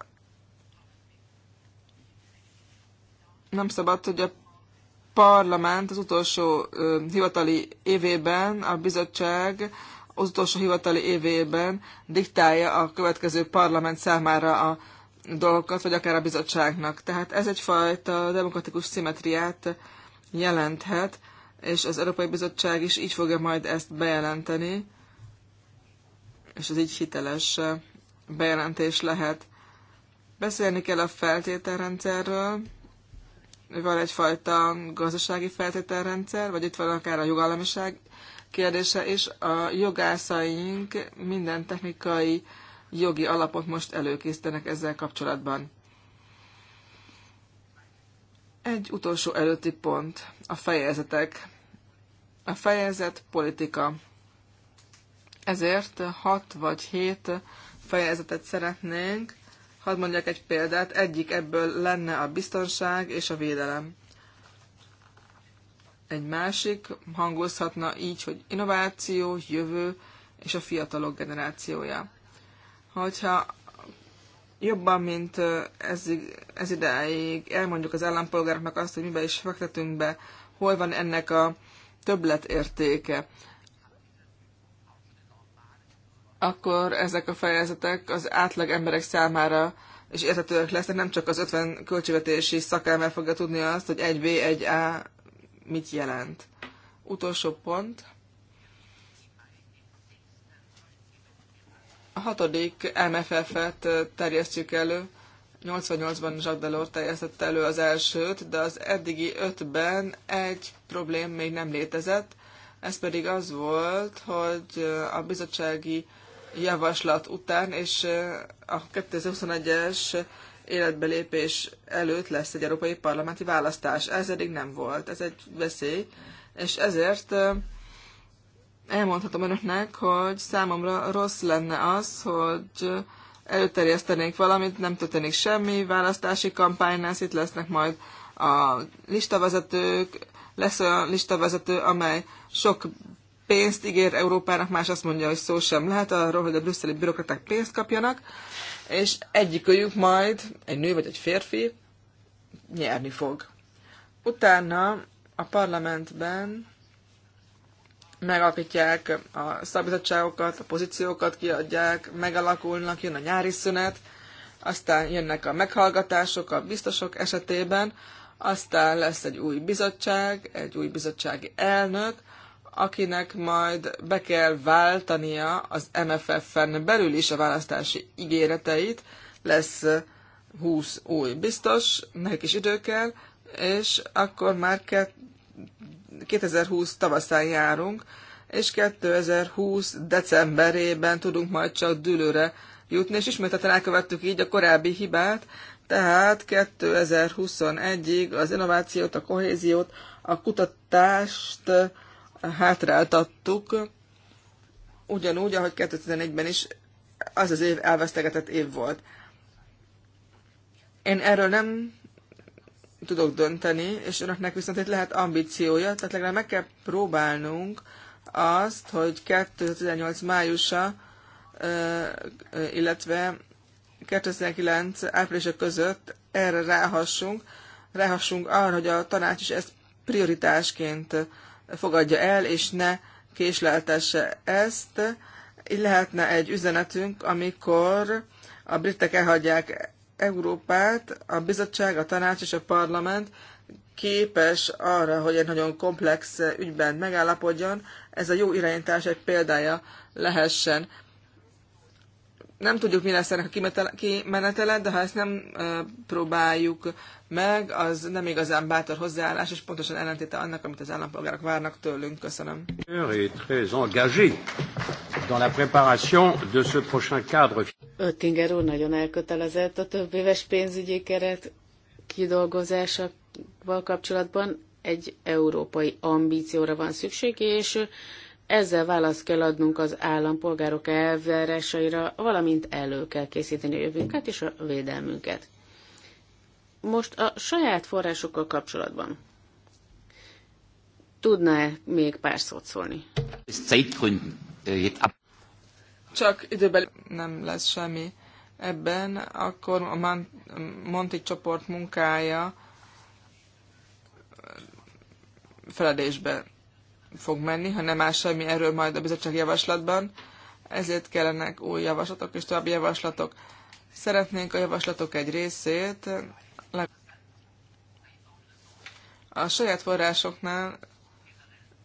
nem szabad, hogy a parlament az utolsó hivatali évében, a bizottság az utolsó hivatali évében diktálja a következő parlament számára a dolgokat, vagy akár a bizottságnak. Tehát ez egyfajta demokratikus szimetriát jelenthet, és az Európai Bizottság is így fogja majd ezt bejelenteni, és ez így hiteles bejelentés lehet. Beszélni kell a feltételrendszerről, van egyfajta gazdasági feltételrendszer, vagy itt van akár a jogállamiság kérdése és A jogászaink minden technikai uh, jogi alapot most előkészítenek ezzel kapcsolatban. Egy utolsó előtti pont, a fejezetek. A fejezet politika. Ezért hat vagy hét fejezetet szeretnénk. Hadd mondjak egy példát, egyik ebből lenne a biztonság és a védelem. Egy másik hangozhatna így, hogy innováció, jövő és a fiatalok generációja hogyha jobban, mint ez, ez idáig elmondjuk az állampolgároknak azt, hogy miben is fektetünk be, hol van ennek a többlet értéke? akkor ezek a fejezetek az átlag emberek számára és érthetőek lesznek, nem csak az 50 költségvetési szakember fogja tudni azt, hogy egy B, egy A mit jelent. Utolsó pont. A hatodik MFF-et terjesztjük elő. 88-ban Jacques Delors terjesztette elő az elsőt, de az eddigi ötben egy problém még nem létezett, ez pedig az volt, hogy a bizottsági javaslat után és a 2021-es életbelépés előtt lesz egy európai parlamenti választás. Ez eddig nem volt, ez egy veszély, és ezért elmondhatom önöknek, hogy számomra rossz lenne az, hogy előterjesztenénk valamit, nem történik semmi, választási kampány lesz, itt lesznek majd a listavezetők, lesz olyan listavezető, amely sok pénzt ígér Európának, más azt mondja, hogy szó sem lehet arról, hogy a brüsszeli bürokraták pénzt kapjanak, és egyikőjük majd, egy nő vagy egy férfi, nyerni fog. Utána a parlamentben megalkítják a szabizottságokat, a pozíciókat kiadják, megalakulnak, jön a nyári szünet, aztán jönnek a meghallgatások a biztosok esetében, aztán lesz egy új bizottság, egy új bizottsági elnök, akinek majd be kell váltania az MFF-en belül is a választási ígéreteit, lesz 20 eh, új biztos, nekik is idő kell, és akkor már 2020 tavaszán járunk, és 2020 decemberében tudunk majd csak dülőre jutni, és ismételten elkövettük így a korábbi hibát, tehát 2021-ig az innovációt, a kohéziót, a kutatást hátráltattuk, ugyanúgy, ahogy 2011-ben is az az év elvesztegetett év volt. Én erről nem tudok dönteni, és önöknek viszont itt lehet ambíciója, tehát legalább meg kell próbálnunk azt, hogy 2018 májusa, illetve 2009 áprilisa között erre ráhassunk, ráhassunk arra, hogy a tanács is ezt prioritásként fogadja el, és ne késleltesse ezt. Így lehetne egy üzenetünk, amikor a britek elhagyják Európát a bizottság, a tanács és a parlament képes arra, hogy egy nagyon komplex ügyben megállapodjon, ez a jó irányítás egy példája lehessen nem tudjuk, mi lesz ennek a kimenetele, de ha ezt nem próbáljuk meg, az nem igazán bátor hozzáállás, és pontosan ellentéte annak, amit az állampolgárok várnak tőlünk. Köszönöm. Öttinger úr nagyon elkötelezett a több éves pénzügyi keret kidolgozásával kapcsolatban. Egy európai ambícióra van szükség, és ezzel választ kell adnunk az állampolgárok elvárásaira, valamint elő kell készíteni a jövőnket és a védelmünket. Most a saját forrásokkal kapcsolatban. Tudná-e még pár szót szólni? Äh, Csak időben nem lesz semmi ebben, akkor a Monti csoport munkája feledésbe fog menni, hanem mással mi erről majd a bizottság javaslatban. Ezért kellenek új javaslatok és további javaslatok. Szeretnénk a javaslatok egy részét a saját forrásoknál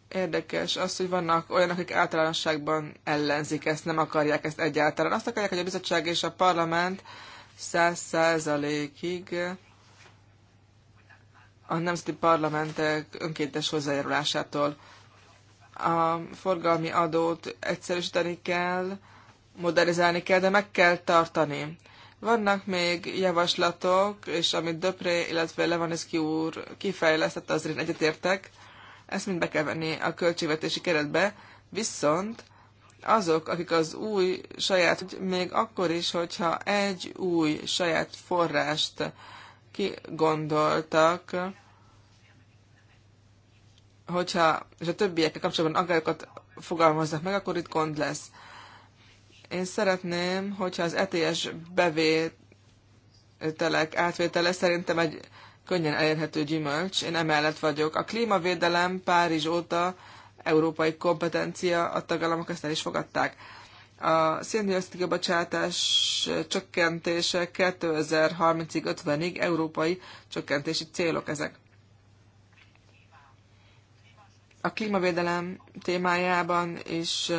érdekes az, hogy vannak olyanok, akik általánosságban ellenzik ezt, nem akarják ezt egyáltalán. Azt akarják, hogy a bizottság és a parlament száz százalékig a nemzeti parlamentek önkéntes hozzájárulásától a forgalmi adót egyszerűsíteni kell, modernizálni kell, de meg kell tartani. Vannak még javaslatok, és amit Döpré, illetve Levaneszki úr kifejlesztett, azért én egyetértek, ezt mind be kell venni a költségvetési keretbe, viszont azok, akik az új saját, még akkor is, hogyha egy új saját forrást kigondoltak, hogyha és a többiekkel kapcsolatban aggályokat fogalmaznak meg, akkor itt gond lesz. Én szeretném, hogyha az ETS bevételek átvétele szerintem egy könnyen elérhető gyümölcs, én emellett vagyok. A klímavédelem Párizs óta európai kompetencia, a tagállamok ezt el is fogadták. A széndiokszid bocsátás csökkentése 2030-ig, 50-ig európai csökkentési célok ezek a klímavédelem témájában is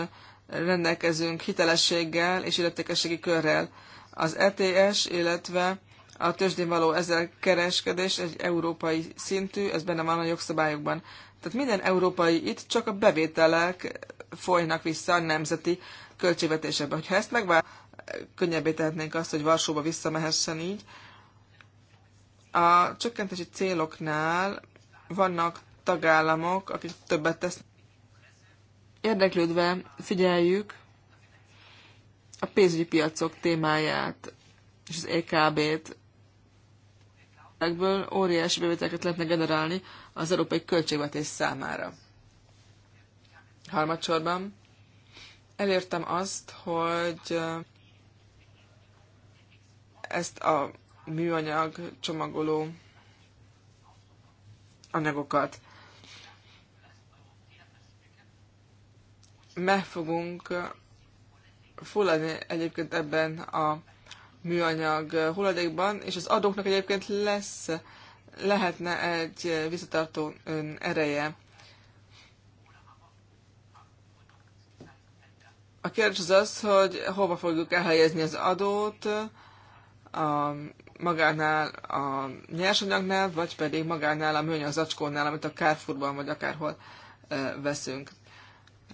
rendelkezünk hitelességgel és illetékességi körrel. Az ETS, illetve a tőzsdén való ezzel kereskedés egy európai szintű, ez benne van a jogszabályokban. Tehát minden európai itt csak a bevételek folynak vissza a nemzeti költségvetésekbe. Hogyha ezt megvár, könnyebbé tehetnénk azt, hogy Varsóba visszamehessen így. A csökkentési céloknál vannak tagállamok, akik többet tesznek. Érdeklődve figyeljük a pénzügyi piacok témáját és az EKB-t. Ebből óriási bevételeket lehetne generálni az európai költségvetés számára. Harmadsorban elértem azt, hogy ezt a műanyag csomagoló anyagokat meg fogunk fulladni egyébként ebben a műanyag hulladékban, és az adóknak egyébként lesz, lehetne egy visszatartó ereje. A kérdés az az, hogy hova fogjuk elhelyezni az adót, a magánál a nyersanyagnál, vagy pedig magánál a műanyag zacskónál, amit a Carrefourban vagy akárhol veszünk.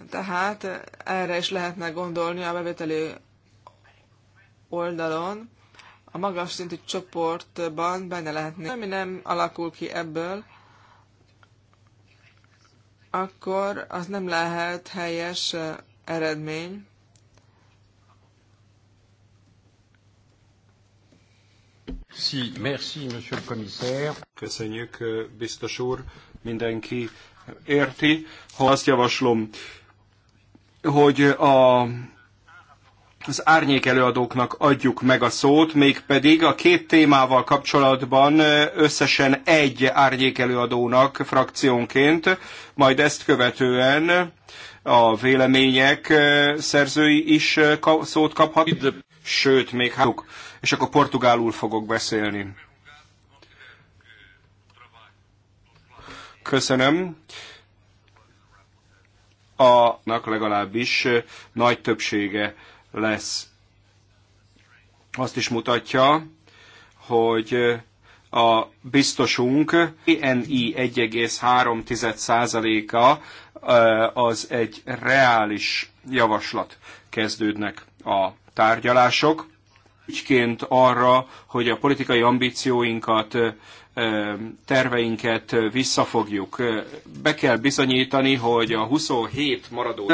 Tehát erre is lehetne gondolni a bevételi oldalon, a magas szintű csoportban benne lehetne, Ami nem alakul ki ebből, akkor az nem lehet helyes eredmény. Si, merci, monsieur le commissaire. Köszönjük, biztos úr, mindenki érti. Ha azt javaslom, hogy a, az árnyék előadóknak adjuk meg a szót, mégpedig a két témával kapcsolatban összesen egy árnyék előadónak frakciónként, majd ezt követően a vélemények szerzői is szót kaphat, sőt, még hát, és akkor portugálul fogok beszélni. Köszönöm nak legalábbis nagy többsége lesz. Azt is mutatja, hogy a biztosunk ENI 1,3%-a az egy reális javaslat. Kezdődnek a tárgyalások Úgyként arra, hogy a politikai ambícióinkat terveinket visszafogjuk. Be kell bizonyítani, hogy a 27 maradó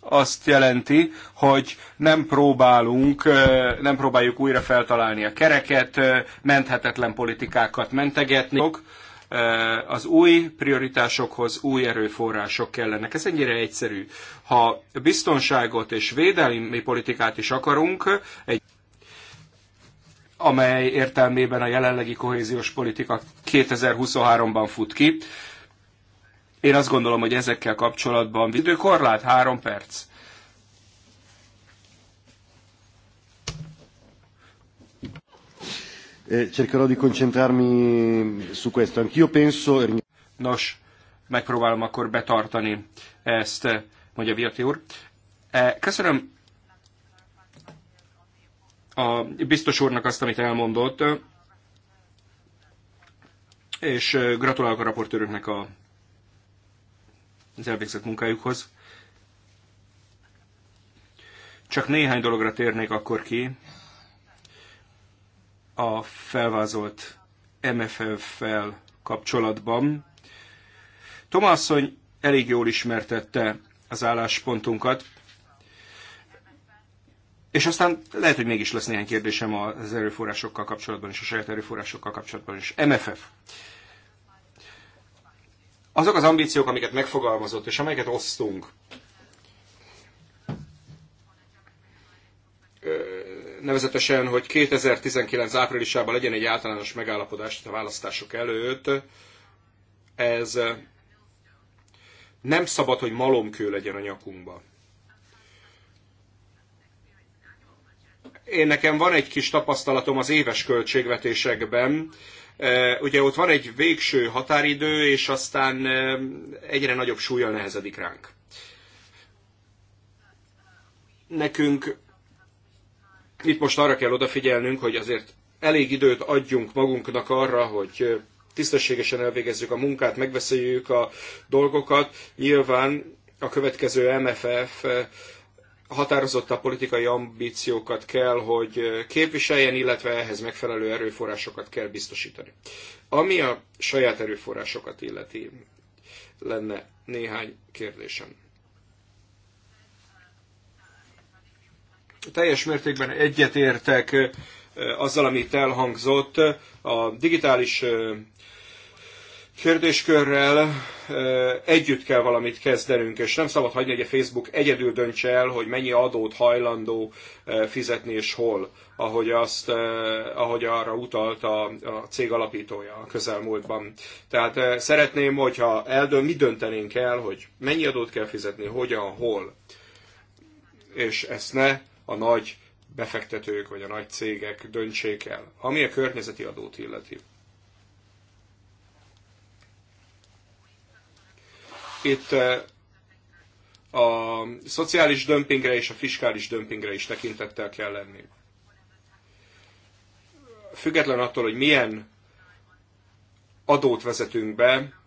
azt jelenti, hogy nem próbálunk, nem próbáljuk újra feltalálni a kereket, menthetetlen politikákat mentegetni. Az új prioritásokhoz új erőforrások kellenek. Ez ennyire egyszerű. Ha biztonságot és védelmi politikát is akarunk, egy amely értelmében a jelenlegi kohéziós politika 2023-ban fut ki. Én azt gondolom, hogy ezekkel kapcsolatban időkorlát három perc. Eh, cercherò di concentrarmi su questo. Anch'io penso... E Nos, megpróbálom akkor betartani ezt, mondja Vioti úr. Eh, köszönöm a biztos úrnak azt, amit elmondott, és gratulálok a raportőröknek a, az elvégzett munkájukhoz. Csak néhány dologra térnék akkor ki a felvázolt MFF-fel kapcsolatban. Tomászony elég jól ismertette az álláspontunkat. És aztán lehet, hogy mégis lesz néhány kérdésem az erőforrásokkal kapcsolatban és a saját erőforrásokkal kapcsolatban is. MFF. Azok az ambíciók, amiket megfogalmazott, és amelyeket osztunk, nevezetesen, hogy 2019 áprilisában legyen egy általános megállapodás a választások előtt, ez nem szabad, hogy malomkő legyen a nyakunkban. Én nekem van egy kis tapasztalatom az éves költségvetésekben, e, ugye ott van egy végső határidő, és aztán e, egyre nagyobb súlya nehezedik ránk. Nekünk itt most arra kell odafigyelnünk, hogy azért elég időt adjunk magunknak arra, hogy e, tisztességesen elvégezzük a munkát, megbeszéljük a dolgokat. Nyilván a következő MFF határozott a politikai ambíciókat kell, hogy képviseljen, illetve ehhez megfelelő erőforrásokat kell biztosítani. Ami a saját erőforrásokat illeti, lenne néhány kérdésem. Teljes mértékben egyetértek azzal, amit elhangzott. A digitális kérdéskörrel együtt kell valamit kezdenünk, és nem szabad hagyni, hogy a Facebook egyedül döntse el, hogy mennyi adót hajlandó fizetni és hol, ahogy, azt, ahogy arra utalt a, a cég alapítója a közelmúltban. Tehát szeretném, hogyha eldön, mi döntenénk el, hogy mennyi adót kell fizetni, hogyan, hol. És ezt ne a nagy befektetők vagy a nagy cégek döntsék el, ami a környezeti adót illeti Itt eh, a szociális dömpingre és a fiskális dömpingre is tekintettel kell lenni. Független attól, hogy milyen adót vezetünk be,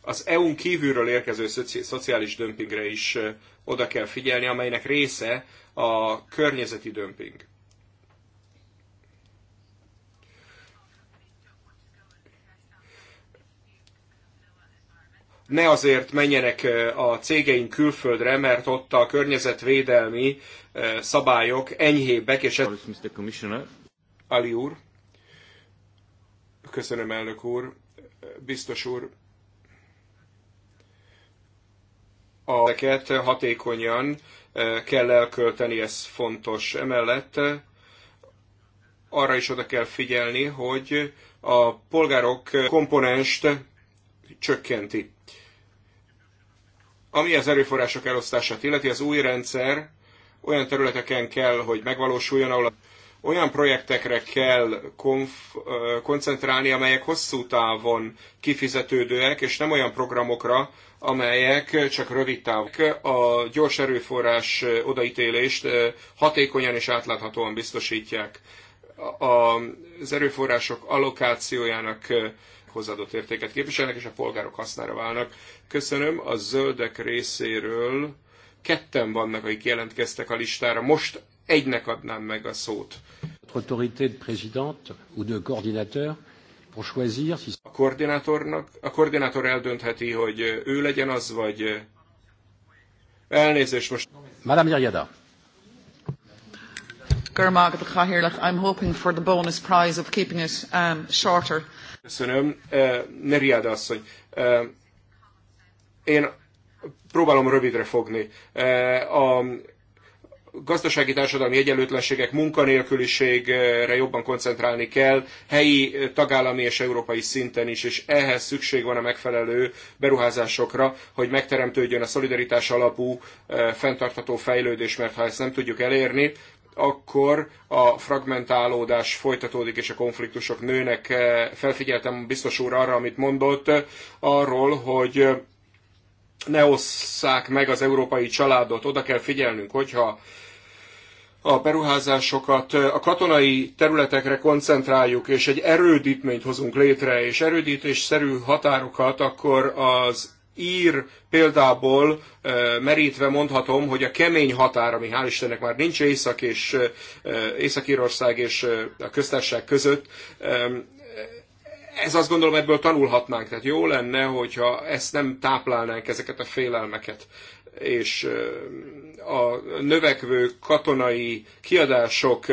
az EU-n kívülről érkező szociális dömpingre is eh, oda kell figyelni, amelynek része a környezeti dömping. ne azért menjenek a cégeink külföldre, mert ott a környezetvédelmi szabályok enyhébbek, és... Ez... Ali úr, köszönöm elnök úr, biztos úr, a ezeket hatékonyan kell elkölteni, ez fontos. Emellett arra is oda kell figyelni, hogy a polgárok komponenst csökkenti. Ami az erőforrások elosztását illeti, az új rendszer olyan területeken kell, hogy megvalósuljon, ahol olyan projektekre kell koncentrálni, amelyek hosszú távon kifizetődőek, és nem olyan programokra, amelyek csak rövid távok. A gyors erőforrás odaítélést hatékonyan és átláthatóan biztosítják. Az erőforrások allokációjának hozzáadott értéket képviselnek, és a polgárok hasznára válnak. Köszönöm a zöldek részéről. Ketten vannak, akik jelentkeztek a listára. Most egynek adnám meg a szót. Autorité de présidente ou de coordinateur pour choisir si... A koordinátornak, a koordinátor eldöntheti, hogy ő legyen az, vagy elnézést most. Madame Iriada. I'm hoping for the bonus prize of keeping it um, shorter. Köszönöm. Uh, asszony, uh, én próbálom rövidre fogni. Uh, a gazdasági társadalmi egyenlőtlenségek, munkanélküliségre jobban koncentrálni kell, helyi, tagállami és európai szinten is, és ehhez szükség van a megfelelő beruházásokra, hogy megteremtődjön a szolidaritás alapú fenntartható fejlődés, mert ha ezt nem tudjuk elérni, akkor a fragmentálódás folytatódik, és a konfliktusok nőnek. Eh, Felfigyeltem biztos úr arra, amit mondott, eh, arról, hogy eh, ne osszák meg az európai családot. Oda kell figyelnünk, hogyha a beruházásokat a katonai területekre koncentráljuk, és egy erődítményt hozunk létre, és erődítésszerű határokat, akkor az ír példából merítve mondhatom, hogy a kemény határ, ami hál' Istennek már nincs Észak és Észak-Írország és a köztársaság között, ez azt gondolom ebből tanulhatnánk. Tehát jó lenne, hogyha ezt nem táplálnánk ezeket a félelmeket és a növekvő katonai kiadások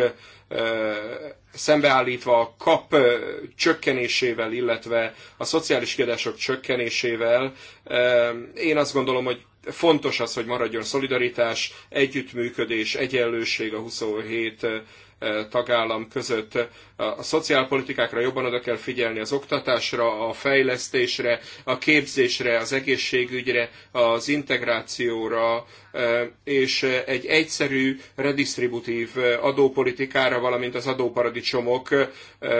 szembeállítva a kap csökkenésével, illetve a szociális kiadások csökkenésével, én azt gondolom, hogy fontos az, hogy maradjon szolidaritás, együttműködés, egyenlőség a 27 tagállam között. A szociálpolitikákra jobban oda kell figyelni, az oktatásra, a fejlesztésre, a képzésre, az egészségügyre, az integrációra, és egy egyszerű redistributív adópolitikára, valamint az adóparadicsomok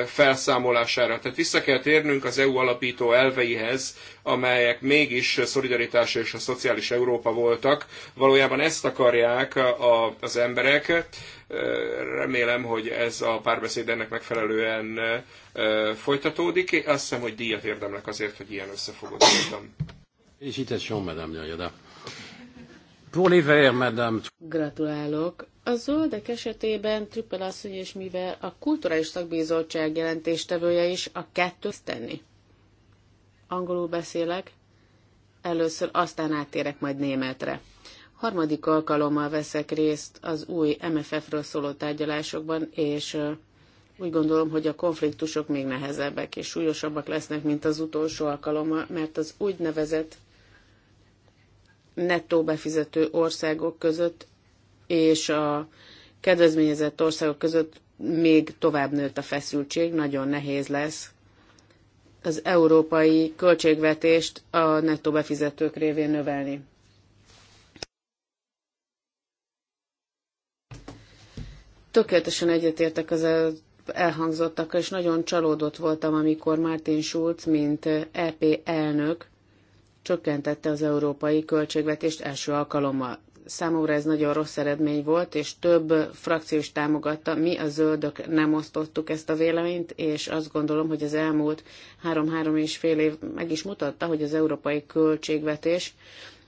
felszámolására. Tehát vissza kell térnünk az EU alapító elveihez, amelyek mégis szolidaritás és a szociális Európa voltak. Valójában ezt akarják az emberek, Remélem, hogy ez a párbeszéd ennek megfelelően folytatódik. Azt hiszem, hogy díjat érdemlek azért, hogy ilyen összefogott voltam. Félicitations, Madame Pour les verts, Madame. Gratulálok. A zöldek esetében Trüppel asszony és mivel a kulturális szakbizottság jelentéstevője is a kettő tenni. Angolul beszélek, először aztán áttérek majd németre. Harmadik alkalommal veszek részt az új MFF-ről szóló tárgyalásokban, és úgy gondolom, hogy a konfliktusok még nehezebbek és súlyosabbak lesznek, mint az utolsó alkalommal, mert az úgynevezett nettó befizető országok között és a kedvezményezett országok között még tovább nőtt a feszültség, nagyon nehéz lesz az európai költségvetést a nettó befizetők révén növelni. Tökéletesen egyetértek az elhangzottak és nagyon csalódott voltam, amikor Martin Schulz, mint EP elnök, csökkentette az európai költségvetést első alkalommal. Számomra ez nagyon rossz eredmény volt, és több frakció is támogatta. Mi a zöldök nem osztottuk ezt a véleményt, és azt gondolom, hogy az elmúlt három-három és fél év meg is mutatta, hogy az európai költségvetés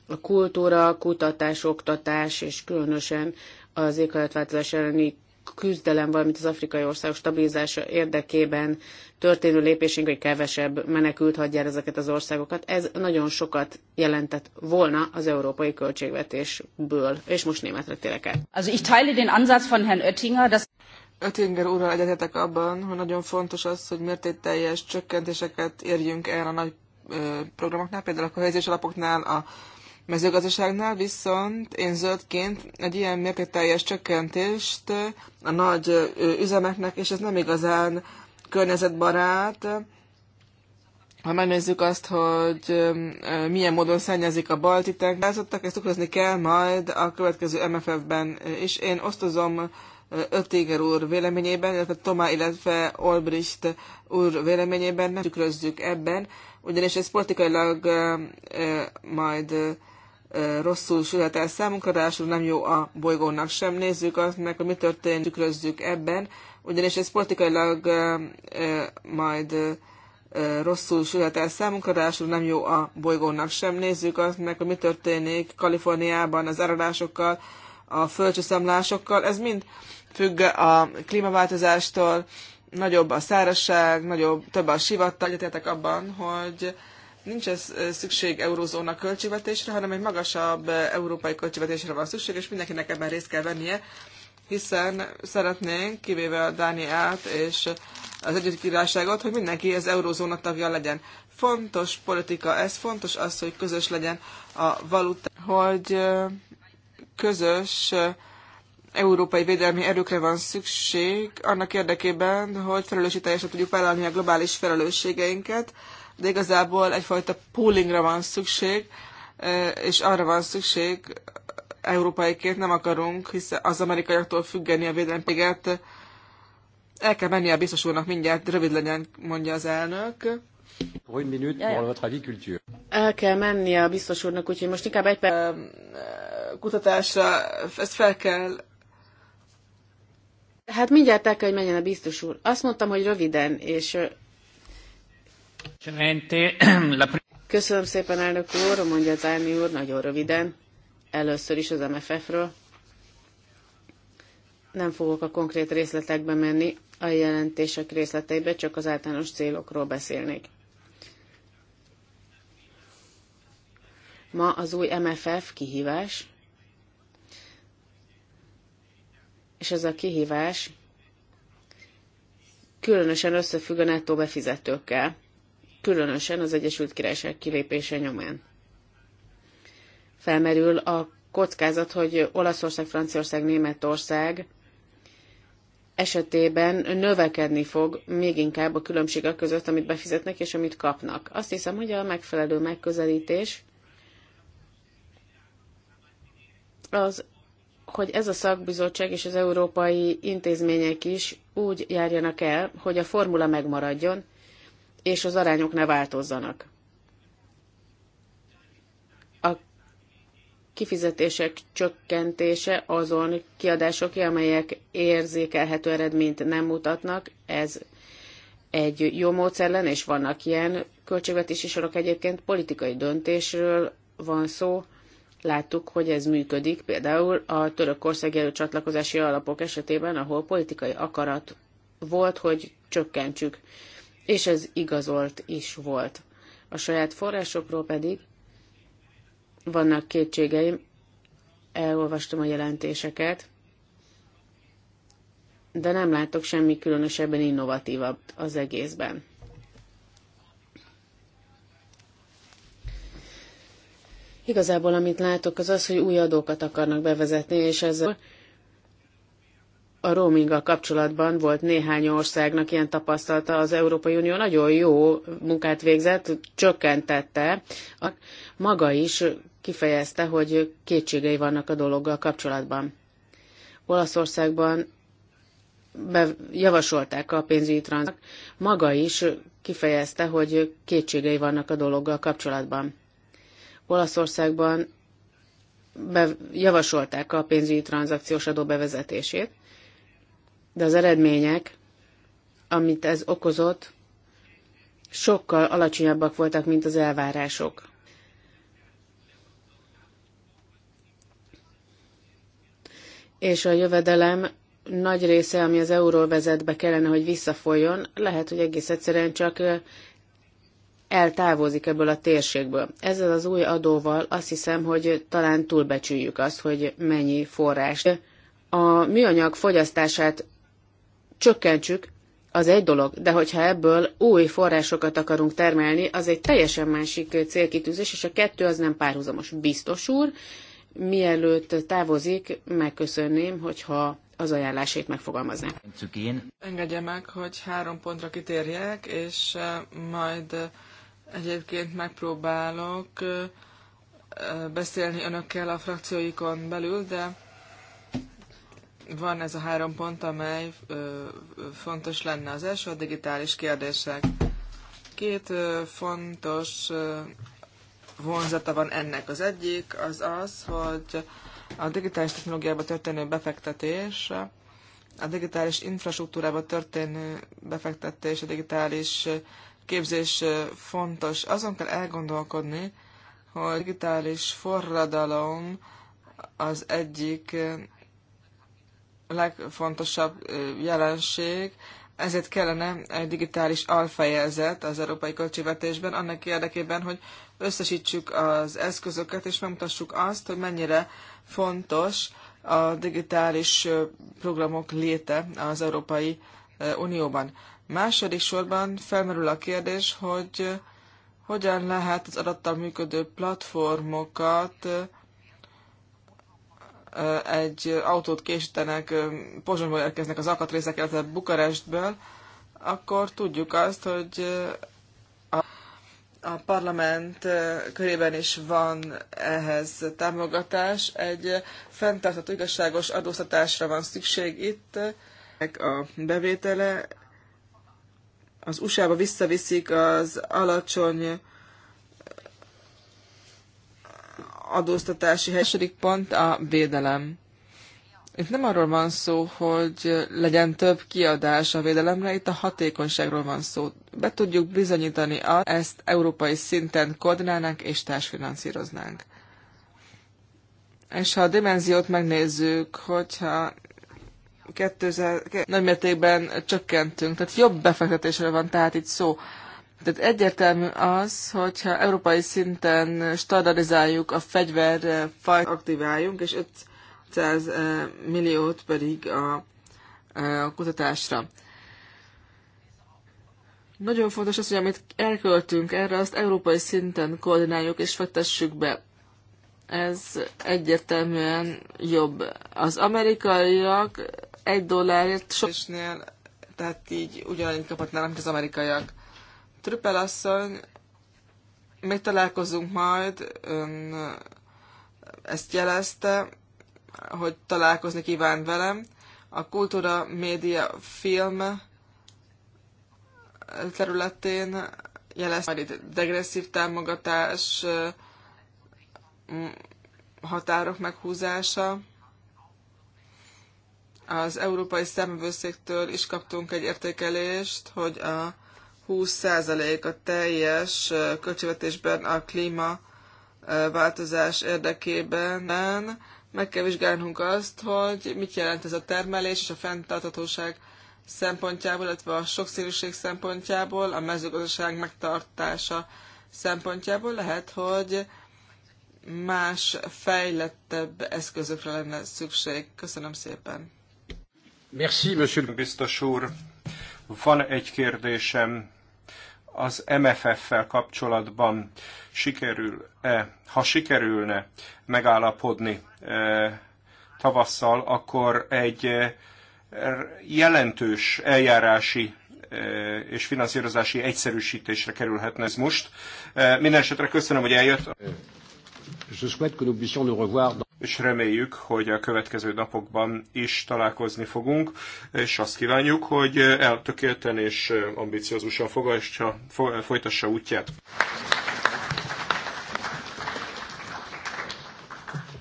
a kultúra, kutatás, oktatás, és különösen az éghajlatváltozás elleni küzdelem, valamint az afrikai ország stabilizása érdekében történő lépésünk, hogy kevesebb menekült hagyja ezeket az országokat. Ez nagyon sokat jelentett volna az európai költségvetésből, és most németre térek el. Also ich teile den Ansatz von Herrn Oettinger, dass Oettinger úrral egyetetek abban, hogy nagyon fontos az, hogy mértékteljes csökkentéseket érjünk el a nagy programoknál, például a kohéziós alapoknál, a mezőgazdaságnál viszont én zöldként egy ilyen mértékteljes csökkentést a nagy üzemeknek, és ez nem igazán környezetbarát. Ha megnézzük azt, hogy milyen módon szennyezik a balti tengerzetek, ezt tükrözni kell majd a következő MFF-ben, és én osztozom Öttinger úr véleményében, illetve Tomá, illetve Olbricht úr véleményében nem tükrözzük ebben, ugyanis ez politikailag majd rosszul sülhet el számunkra, ráadásul nem jó a bolygónak sem. Nézzük azt meg, hogy mi történik, tükrözzük ebben, ugyanis ez politikailag majd rosszul sülhet el számunkra, ráadásul nem jó a bolygónak sem. Nézzük azt meg, hogy mi történik Kaliforniában az áradásokkal, a földcsúszamlásokkal. Ez mind függ a klímaváltozástól, nagyobb a szárazság, nagyobb, több a sivatag. Egyetértek abban, hogy Nincs ez szükség eurózóna költségvetésre, hanem egy magasabb európai költségvetésre van szükség, és mindenkinek ebben részt kell vennie, hiszen szeretnénk, kivéve a Dániát és az Egyesült Királyságot, hogy mindenki az eurózóna tagja legyen. Fontos politika ez, fontos az, hogy közös legyen a valuta, hogy közös európai védelmi erőkre van szükség annak érdekében, hogy felelősségteljesen tudjuk vállalni a globális felelősségeinket, de igazából egyfajta poolingra van szükség, és arra van szükség, európaiként nem akarunk, hiszen az amerikaiaktól függeni a védelmpéget, El kell menni a biztos úrnak mindjárt, rövid legyen, mondja az elnök. El kell menni a biztos úrnak, úgyhogy most inkább egy perc. Kutatásra ezt fel kell Hát mindjárt el kell, hogy menjen a biztos úr. Azt mondtam, hogy röviden, és Köszönöm szépen, elnök úr, mondja Zárni úr, nagyon röviden. Először is az MFF-ről. Nem fogok a konkrét részletekbe menni, a jelentések részleteibe, csak az általános célokról beszélnék. Ma az új MFF kihívás, és ez a kihívás különösen összefügg a nettó befizetőkkel különösen az Egyesült Királyság kilépése nyomán. Felmerül a kockázat, hogy Olaszország, Franciaország, Németország esetében növekedni fog még inkább a különbség között, amit befizetnek és amit kapnak. Azt hiszem, hogy a megfelelő megközelítés az, hogy ez a szakbizottság és az európai intézmények is úgy járjanak el, hogy a formula megmaradjon, és az arányok ne változzanak. A kifizetések csökkentése azon kiadásoké, amelyek érzékelhető eredményt nem mutatnak, ez egy jó módszer lenne, és vannak ilyen költségvetési sorok egyébként, politikai döntésről van szó, láttuk, hogy ez működik, például a Törökország előcsatlakozási alapok esetében, ahol politikai akarat volt, hogy csökkentsük és ez igazolt is volt. A saját forrásokról pedig vannak kétségeim, elolvastam a jelentéseket, de nem látok semmi különösebben innovatívabb az egészben. Igazából amit látok az az, hogy új adókat akarnak bevezetni, és ezzel a roaminggal kapcsolatban volt néhány országnak ilyen tapasztalata, az Európai Unió nagyon jó munkát végzett, csökkentette, a maga is kifejezte, hogy kétségei vannak a dologgal kapcsolatban. Olaszországban javasolták a pénzügyi tranzak, maga is kifejezte, hogy kétségei vannak a dologgal kapcsolatban. Olaszországban javasolták a pénzügyi tranzakciós adó bevezetését, de az eredmények, amit ez okozott, sokkal alacsonyabbak voltak, mint az elvárások. És a jövedelem nagy része, ami az euróvezetbe kellene, hogy visszafoljon, lehet, hogy egész egyszerűen csak eltávozik ebből a térségből. Ezzel az új adóval azt hiszem, hogy talán túlbecsüljük azt, hogy mennyi forrás. A műanyag fogyasztását csökkentsük, az egy dolog, de hogyha ebből új forrásokat akarunk termelni, az egy teljesen másik célkitűzés, és a kettő az nem párhuzamos. Biztos úr, mielőtt távozik, megköszönném, hogyha az ajánlásét megfogalmazná. Engedje meg, hogy három pontra kitérjek, és majd egyébként megpróbálok beszélni önökkel a frakcióikon belül, de van ez a három pont, amely ö, fontos lenne. Az első a digitális kérdések. Két ö, fontos ö, vonzata van ennek. Az egyik az az, hogy a digitális technológiába történő befektetés, a digitális infrastruktúrába történő befektetés, a digitális képzés fontos. Azon kell elgondolkodni, hogy a digitális forradalom az egyik legfontosabb jelenség, ezért kellene egy digitális alfejezet az európai költségvetésben, annak érdekében, hogy összesítsük az eszközöket, és megmutassuk azt, hogy mennyire fontos a digitális programok léte az Európai Unióban. Második sorban felmerül a kérdés, hogy hogyan lehet az adattal működő platformokat egy autót késítenek, Pozsonyból érkeznek az alkatrészek, illetve Bukarestből, akkor tudjuk azt, hogy a, a parlament körében is van ehhez támogatás. Egy fenntartható igazságos adóztatásra van szükség itt. A bevétele az USA-ba visszaviszik az alacsony adóztatási Második pont a védelem. Itt nem arról van szó, hogy legyen több kiadás a védelemre, itt a hatékonyságról van szó. Be tudjuk bizonyítani azt, ezt európai szinten koordinálnánk és társfinanszíroznánk. És ha a dimenziót megnézzük, hogyha 2000 nagy csökkentünk, tehát jobb befektetésre van tehát itt szó. Tehát egyértelmű az, hogyha európai szinten standardizáljuk a fegyverfajt, eh, aktiváljunk, és 500 eh, milliót pedig a, eh, a kutatásra. Nagyon fontos az, hogy amit elköltünk erre, azt európai szinten koordináljuk és fektessük be. Ez egyértelműen jobb. Az amerikaiak egy dollárért sokasnél, tehát így ugyanannyit kaphatnának, mint az amerikaiak. Trüppel asszony, még találkozunk majd, ön ezt jelezte, hogy találkozni kíván velem. A kultúra, média, film területén jelezte majd itt degresszív támogatás, határok meghúzása. Az Európai Szemvőszéktől is kaptunk egy értékelést, hogy a 20% a teljes költségvetésben a klímaváltozás érdekében. Meg kell vizsgálnunk azt, hogy mit jelent ez a termelés és a fenntarthatóság szempontjából, illetve a sokszínűség szempontjából, a mezőgazdaság megtartása szempontjából lehet, hogy más, fejlettebb eszközökre lenne szükség. Köszönöm szépen. Merci, monsieur. Biztos úr, van egy kérdésem az MFF-fel kapcsolatban sikerül-e, ha sikerülne megállapodni e, tavasszal, akkor egy e, jelentős eljárási e, és finanszírozási egyszerűsítésre kerülhetne ez most. Mindenesetre köszönöm, hogy eljött. Je souhaite que nous puissions nous revoir és reméljük, hogy a következő napokban is találkozni fogunk, és azt kívánjuk, hogy eltökélten és ambiciózusan fogassa, folytassa útját.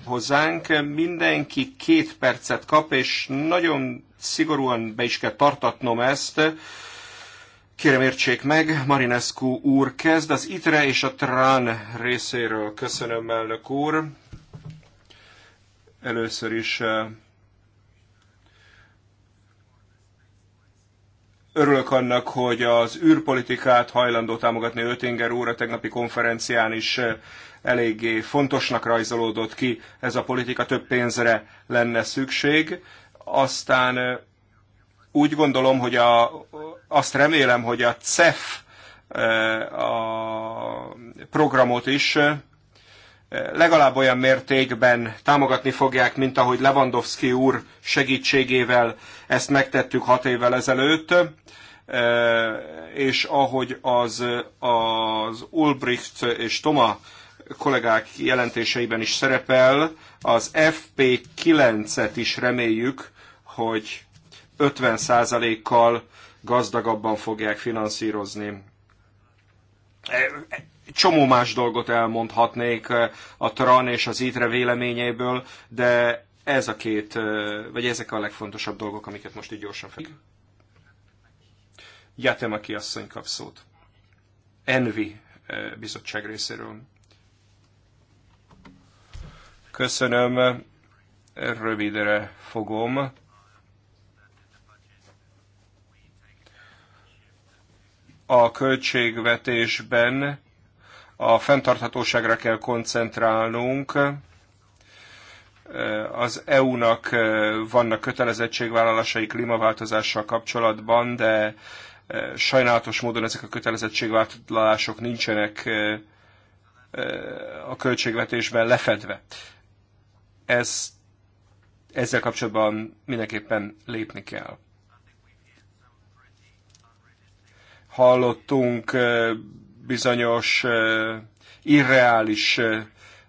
hozzánk, mindenki két percet kap, és nagyon szigorúan be is kell tartatnom ezt. Kérem értsék meg, Marinescu úr kezd, az ITRE és a TRAN részéről köszönöm, elnök úr. Először is örülök annak, hogy az űrpolitikát hajlandó támogatni Ötinger úr a tegnapi konferencián is eléggé fontosnak rajzolódott ki ez a politika, több pénzre lenne szükség. Aztán úgy gondolom, hogy a, azt remélem, hogy a CEF a programot is legalább olyan mértékben támogatni fogják, mint ahogy Lewandowski úr segítségével ezt megtettük hat évvel ezelőtt, e, és ahogy az, az Ulbricht és Toma kollégák jelentéseiben is szerepel, az FP9-et is reméljük, hogy 50%-kal gazdagabban fogják finanszírozni. E, csomó más dolgot elmondhatnék eh, a TRAN és az ITRE véleményeiből, de ez a két, eh, vagy ezek a legfontosabb dolgok, amiket most így gyorsan fel. Jatemaki asszony kap szót. Envi eh, bizottság részéről. Köszönöm, rövidre fogom. A költségvetésben a fenntarthatóságra kell koncentrálnunk. Az EU-nak eh, vannak kötelezettségvállalásai klímaváltozással kapcsolatban, de eh, sajnálatos módon ezek a kötelezettségvállalások nincsenek eh, a költségvetésben lefedve. Ez, ezzel kapcsolatban mindenképpen lépni kell. Hallottunk bizonyos irreális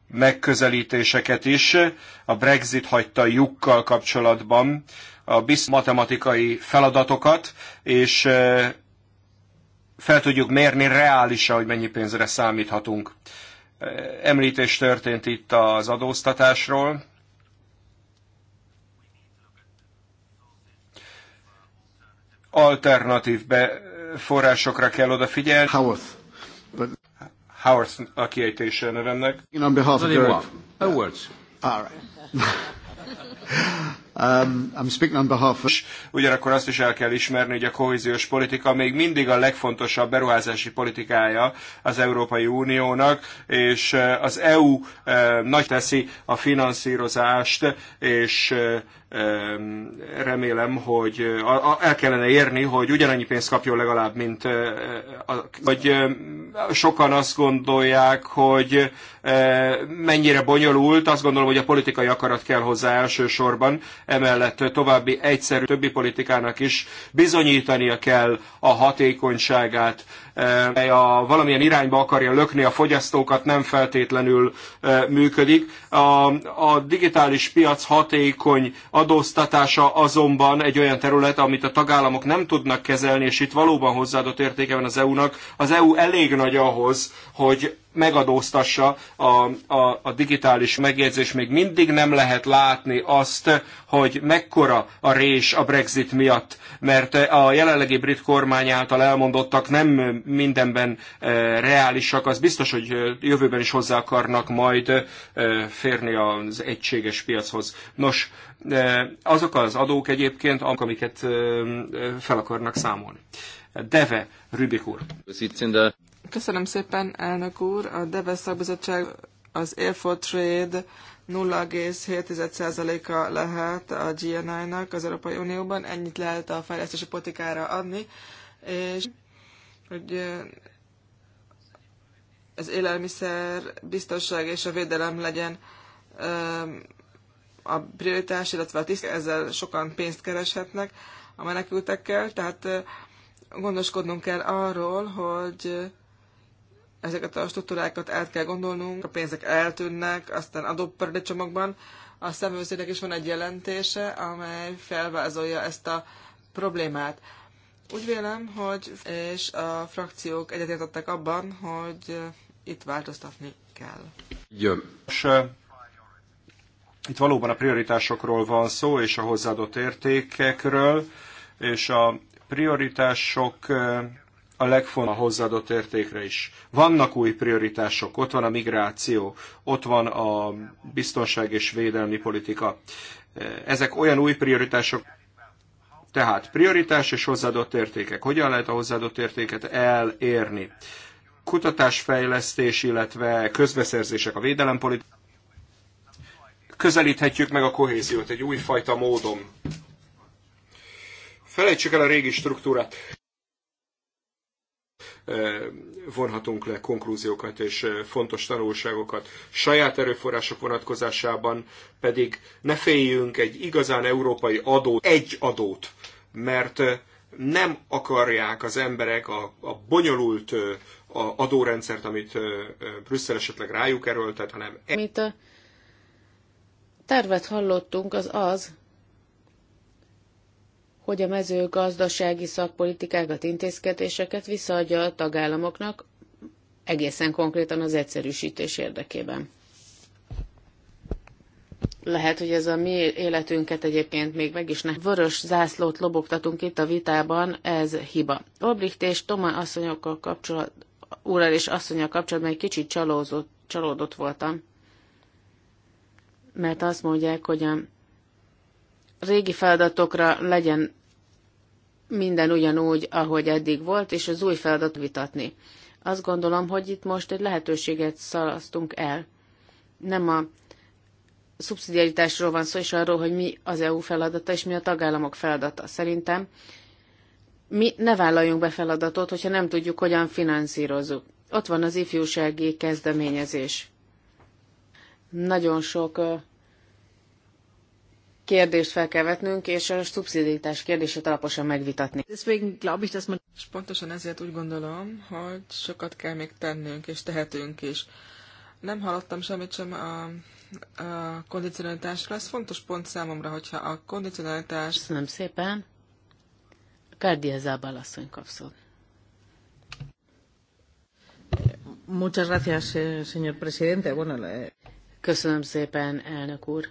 megközelítéseket is a Brexit hagyta lyukkal kapcsolatban a matematikai feladatokat, és fel tudjuk mérni reálisan, hogy mennyi pénzre számíthatunk. Említés történt itt az adóztatásról. Alternatív be forrásokra kell odafigyelni. Howard a kiejtése a nevemnek. In on behalf of the... Oh, words. All right. Um, I'm speaking on behalf of... Ugyanakkor azt is el kell ismerni, hogy a kohéziós politika még mindig a legfontosabb beruházási politikája az Európai Uniónak, és uh, az EU uh, nagy teszi a finanszírozást, és uh, um, remélem, hogy el kellene érni, hogy ugyanannyi pénzt kapjon legalább, mint vagy um, sokan azt gondolják, hogy mennyire bonyolult, azt gondolom, hogy a politikai akarat kell hozzá elsősorban, emellett további egyszerű többi politikának is bizonyítania kell a hatékonyságát mely a, valamilyen irányba akarja lökni a fogyasztókat, nem feltétlenül működik. A, a digitális piac hatékony adóztatása azonban egy olyan terület, amit a tagállamok nem tudnak kezelni, és itt valóban hozzáadott értéke van az EU-nak. Az EU elég nagy ahhoz, hogy megadóztassa a, a, a digitális megjegyzés. Még mindig nem lehet látni azt, hogy mekkora a rés a Brexit miatt, mert a jelenlegi brit kormány által elmondottak nem mindenben reálisak, az biztos, hogy jövőben is hozzá akarnak majd férni az egységes piachoz. Nos, azok az adók egyébként, amiket fel akarnak számolni. Deve, Rübik úr. Köszönöm szépen, elnök úr. A Deve szakbizottság az for Trade 0,7%-a lehet a GNI-nak az Európai Unióban, ennyit lehet a fejlesztési politikára adni, és hogy az élelmiszer biztonság és a védelem legyen a prioritás, illetve a tiszt, ezzel sokan pénzt kereshetnek a menekültekkel, tehát gondoskodnunk kell arról, hogy ezeket a struktúrákat át kell gondolnunk, a pénzek eltűnnek, aztán adóparadicsomokban. A szemőszének is van egy jelentése, amely felvázolja ezt a problémát. Úgy vélem, hogy és a frakciók egyetértettek abban, hogy eh, itt változtatni kell. Jön. És, eh, itt valóban a prioritásokról van szó, és a hozzáadott értékekről, és a prioritások eh, a legfontosabb a hozzáadott értékre is. Vannak új prioritások, ott van a migráció, ott van a biztonság és védelmi politika. Ezek olyan új prioritások, tehát prioritás és hozzáadott értékek. Hogyan lehet a hozzáadott értéket elérni? Kutatásfejlesztés, illetve közbeszerzések a védelempolitikában. Közelíthetjük meg a kohéziót egy újfajta módon. Felejtsük el a régi struktúrát vonhatunk le konklúziókat és fontos tanulságokat. Saját erőforrások vonatkozásában pedig ne féljünk egy igazán európai adót, egy adót, mert nem akarják az emberek a, a bonyolult a adórendszert, amit Brüsszel esetleg rájuk erőltet, hanem... E- amit a tervet hallottunk, az az, hogy a mezőgazdasági szakpolitikákat, intézkedéseket visszaadja a tagállamoknak, egészen konkrétan az egyszerűsítés érdekében. Lehet, hogy ez a mi életünket egyébként még meg is ne. Vörös zászlót lobogtatunk itt a vitában, ez hiba. Oblicht és Toma asszonyokkal kapcsolat, úrral és asszonyokkal kapcsolatban egy kicsit csalózott, csalódott voltam, mert azt mondják, hogy a régi feladatokra legyen minden ugyanúgy, ahogy eddig volt, és az új feladat vitatni. Azt gondolom, hogy itt most egy lehetőséget szalasztunk el. Nem a szubszidiaritásról van szó, és arról, hogy mi az EU feladata, és mi a tagállamok feladata. Szerintem mi ne vállaljunk be feladatot, hogyha nem tudjuk, hogyan finanszírozzuk. Ott van az ifjúsági kezdeményezés. Nagyon sok kérdést fel kell vetnünk, és a szubszidítás kérdését alaposan megvitatni. És pontosan ezért úgy gondolom, hogy sokat kell még tennünk, és tehetünk is. Nem hallottam semmit sem a, a kondicionalitásra. Ez fontos pont számomra, hogyha a kondicionalitás... Köszönöm szépen. Kárdia Zábal asszony kapszol. Muchas gracias, eh, señor presidente. Bueno, Köszönöm szépen, elnök úr.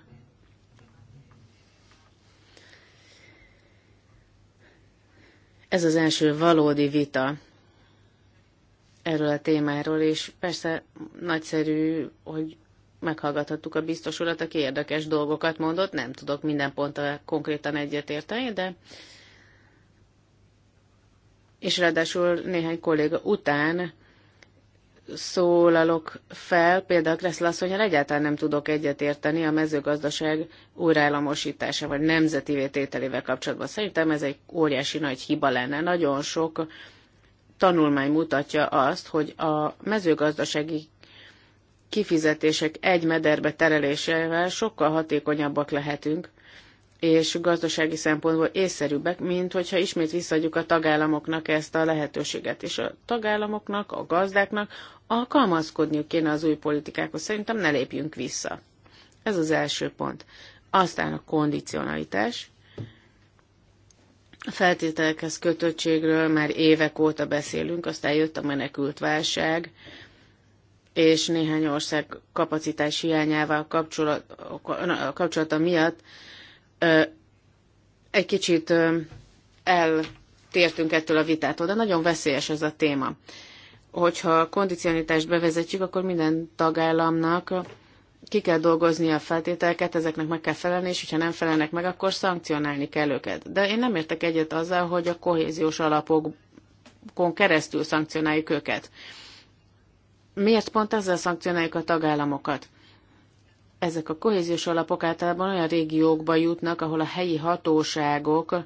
Ez az első valódi vita erről a témáról, és persze nagyszerű, hogy meghallgathattuk a biztos urat, aki érdekes dolgokat mondott. Nem tudok minden ponttal konkrétan egyetérteni, de és ráadásul néhány kolléga után szólalok fel, például Kresszel hogy egyáltalán nem tudok egyetérteni a mezőgazdaság újraállamosítása vagy nemzeti tételével kapcsolatban. Szerintem ez egy óriási nagy hiba lenne. Nagyon sok tanulmány mutatja azt, hogy a mezőgazdasági kifizetések egy mederbe terelésével sokkal hatékonyabbak lehetünk, és gazdasági szempontból észszerűbbek, mint hogyha ismét visszadjuk a tagállamoknak ezt a lehetőséget. És a tagállamoknak, a gazdáknak alkalmazkodniuk kéne az új politikákhoz. Szerintem ne lépjünk vissza. Ez az első pont. Aztán a kondicionalitás. A feltételekhez kötöttségről már évek óta beszélünk, aztán jött a menekült válság, és néhány ország kapacitás hiányával kapcsolat, kapcsolata miatt egy kicsit eltértünk ettől a vitától, de nagyon veszélyes ez a téma hogyha a kondicionitást bevezetjük, akkor minden tagállamnak ki kell dolgozni a feltételeket, ezeknek meg kell felelni, és hogyha nem felelnek meg, akkor szankcionálni kell őket. De én nem értek egyet azzal, hogy a kohéziós alapokon keresztül szankcionáljuk őket. Miért pont ezzel szankcionáljuk a tagállamokat? Ezek a kohéziós alapok általában olyan régiókba jutnak, ahol a helyi hatóságok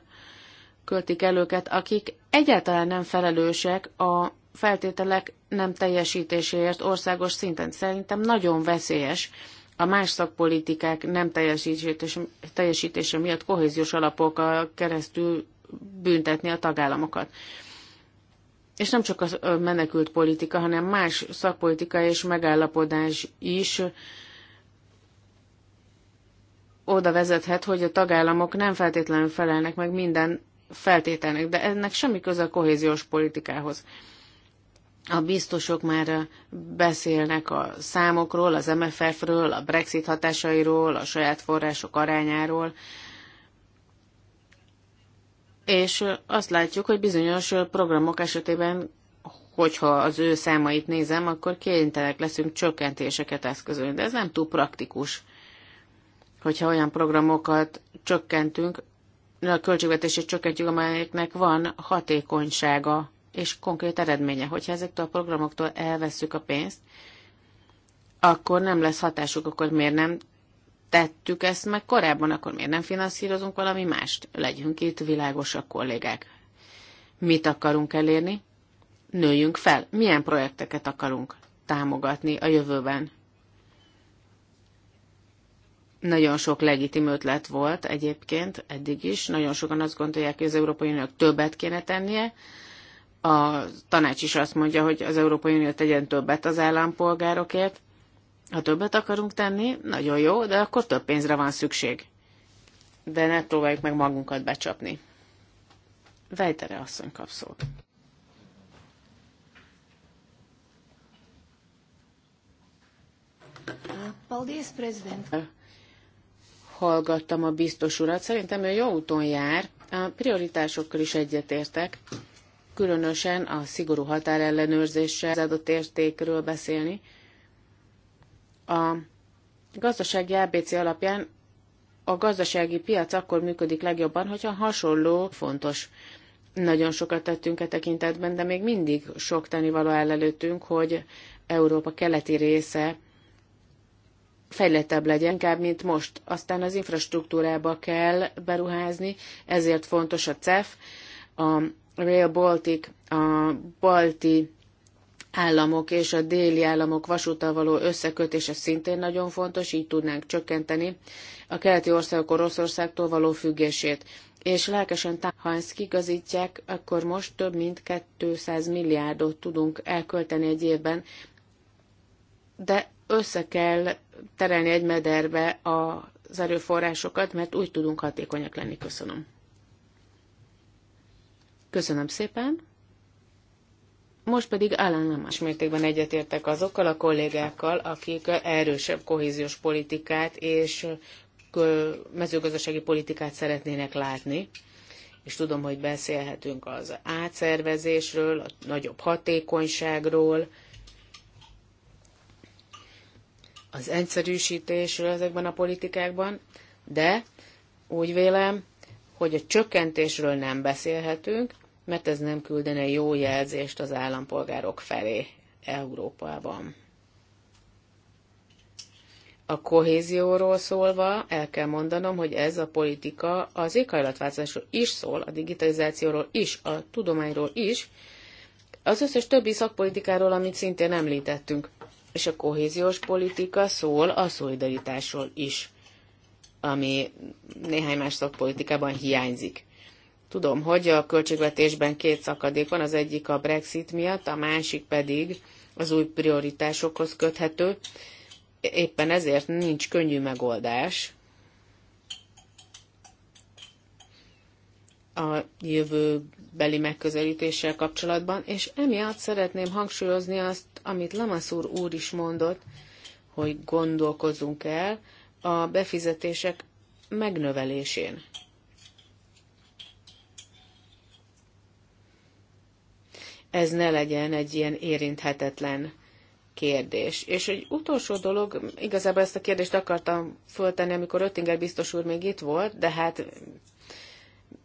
költik el őket, akik egyáltalán nem felelősek a feltételek nem teljesítéséért országos szinten. Szerintem nagyon veszélyes a más szakpolitikák nem teljesítése, teljesítése miatt kohéziós alapokkal keresztül büntetni a tagállamokat. És nem csak a menekült politika, hanem más szakpolitika és megállapodás is oda vezethet, hogy a tagállamok nem feltétlenül felelnek meg minden feltételnek, de ennek semmi köze a kohéziós politikához a biztosok már beszélnek a számokról, az MFF-ről, a Brexit hatásairól, a saját források arányáról, és azt látjuk, hogy bizonyos programok esetében, hogyha az ő számait nézem, akkor kénytelenek leszünk csökkentéseket eszközölni, de ez nem túl praktikus, hogyha olyan programokat csökkentünk, a költségvetését csökkentjük, amelyeknek van hatékonysága és konkrét eredménye. Hogyha ezektől a programoktól elveszük a pénzt, akkor nem lesz hatásuk, akkor miért nem tettük ezt meg korábban, akkor miért nem finanszírozunk valami mást? Legyünk itt világosak kollégák. Mit akarunk elérni? Nőjünk fel. Milyen projekteket akarunk támogatni a jövőben? Nagyon sok legitim ötlet volt egyébként eddig is. Nagyon sokan azt gondolják, hogy az Európai Uniónak többet kéne tennie, a tanács is azt mondja, hogy az Európai Unió tegyen többet az állampolgárokért. Ha többet akarunk tenni, nagyon jó, de akkor több pénzre van szükség. De ne próbáljuk meg magunkat becsapni. Vejtere asszony kap szót. Paldies, prezident! Hallgattam a biztos urat. Szerintem ő jó úton jár. A prioritásokkal is egyetértek különösen a szigorú határellenőrzéssel az adott értékről beszélni. A gazdasági ABC alapján a gazdasági piac akkor működik legjobban, hogyha hasonló fontos. Nagyon sokat tettünk e tekintetben, de még mindig sok tennivaló áll előttünk, hogy Európa keleti része fejlettebb legyen, inkább, mint most. Aztán az infrastruktúrába kell beruházni, ezért fontos a CEF, a Rail Baltic, a balti államok és a déli államok vasúttal való összekötése szintén nagyon fontos, így tudnánk csökkenteni a keleti országok Oroszországtól való függését. És lelkesen, ha ezt kigazítják, akkor most több mint 200 milliárdot tudunk elkölteni egy évben, de össze kell terelni egy mederbe az erőforrásokat, mert úgy tudunk hatékonyak lenni. Köszönöm. Köszönöm szépen. Most pedig állánámás mértékben egyetértek azokkal a kollégákkal, akik erősebb kohéziós politikát és mezőgazdasági politikát szeretnének látni, és tudom, hogy beszélhetünk az átszervezésről, a nagyobb hatékonyságról, az egyszerűsítésről ezekben a politikákban, de úgy vélem, hogy a csökkentésről nem beszélhetünk, mert ez nem küldene jó jelzést az állampolgárok felé Európában. A kohézióról szólva el kell mondanom, hogy ez a politika az éghajlatváltozásról is szól, a digitalizációról is, a tudományról is, az összes többi szakpolitikáról, amit szintén említettünk. És a kohéziós politika szól a szolidaritásról is, ami néhány más szakpolitikában hiányzik. Tudom, hogy a költségvetésben két szakadék van, az egyik a Brexit miatt, a másik pedig az új prioritásokhoz köthető. Éppen ezért nincs könnyű megoldás. A jövőbeli megközelítéssel kapcsolatban, és emiatt szeretném hangsúlyozni azt, amit Lamaszúr úr is mondott, hogy gondolkozunk el a befizetések megnövelésén ez ne legyen egy ilyen érinthetetlen kérdés. És egy utolsó dolog, igazából ezt a kérdést akartam föltenni, amikor Öttinger biztos úr még itt volt, de hát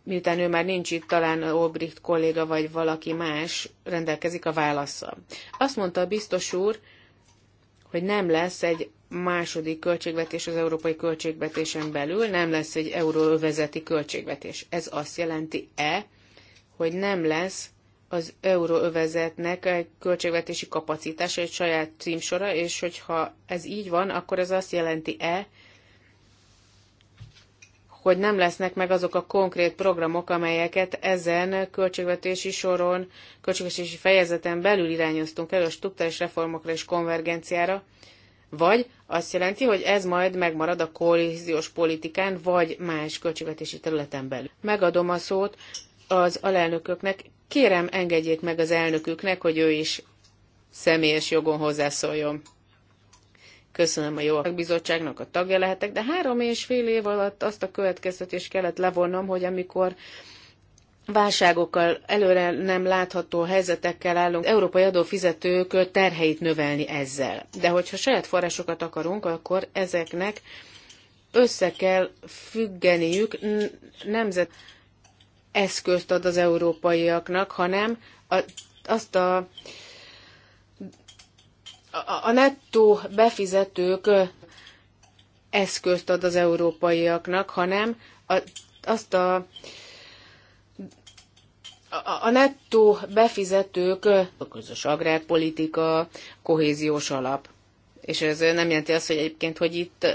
miután ő már nincs itt, talán Obricht kolléga vagy valaki más rendelkezik a válasza. Azt mondta a biztos úr, hogy nem lesz egy második költségvetés az európai költségvetésen belül, nem lesz egy euróövezeti költségvetés. Ez azt jelenti-e, hogy nem lesz az euróövezetnek egy költségvetési kapacitása, egy saját címsora, és hogyha ez így van, akkor ez azt jelenti-e, hogy nem lesznek meg azok a konkrét programok, amelyeket ezen költségvetési soron, költségvetési fejezeten belül irányoztunk elő a struktúrális reformokra és konvergenciára, vagy azt jelenti, hogy ez majd megmarad a kohéziós politikán, vagy más költségvetési területen belül. Megadom a szót az alelnököknek, kérem engedjék meg az elnöküknek, hogy ő is személyes jogon hozzászóljon. Köszönöm a jó bizottságnak a tagja lehetek, de három és fél év alatt azt a következtetést kellett levonnom, hogy amikor válságokkal, előre nem látható helyzetekkel állunk, az európai adófizetők terheit növelni ezzel. De hogyha saját forrásokat akarunk, akkor ezeknek össze kell függeniük nemzet eszközt ad az európaiaknak, hanem a, azt a, a, a nettó befizetők eszközt ad az európaiaknak, hanem a, azt a, a, a nettó befizetők, a közös agrárpolitika, kohéziós alap és ez nem jelenti azt, hogy egyébként, hogy itt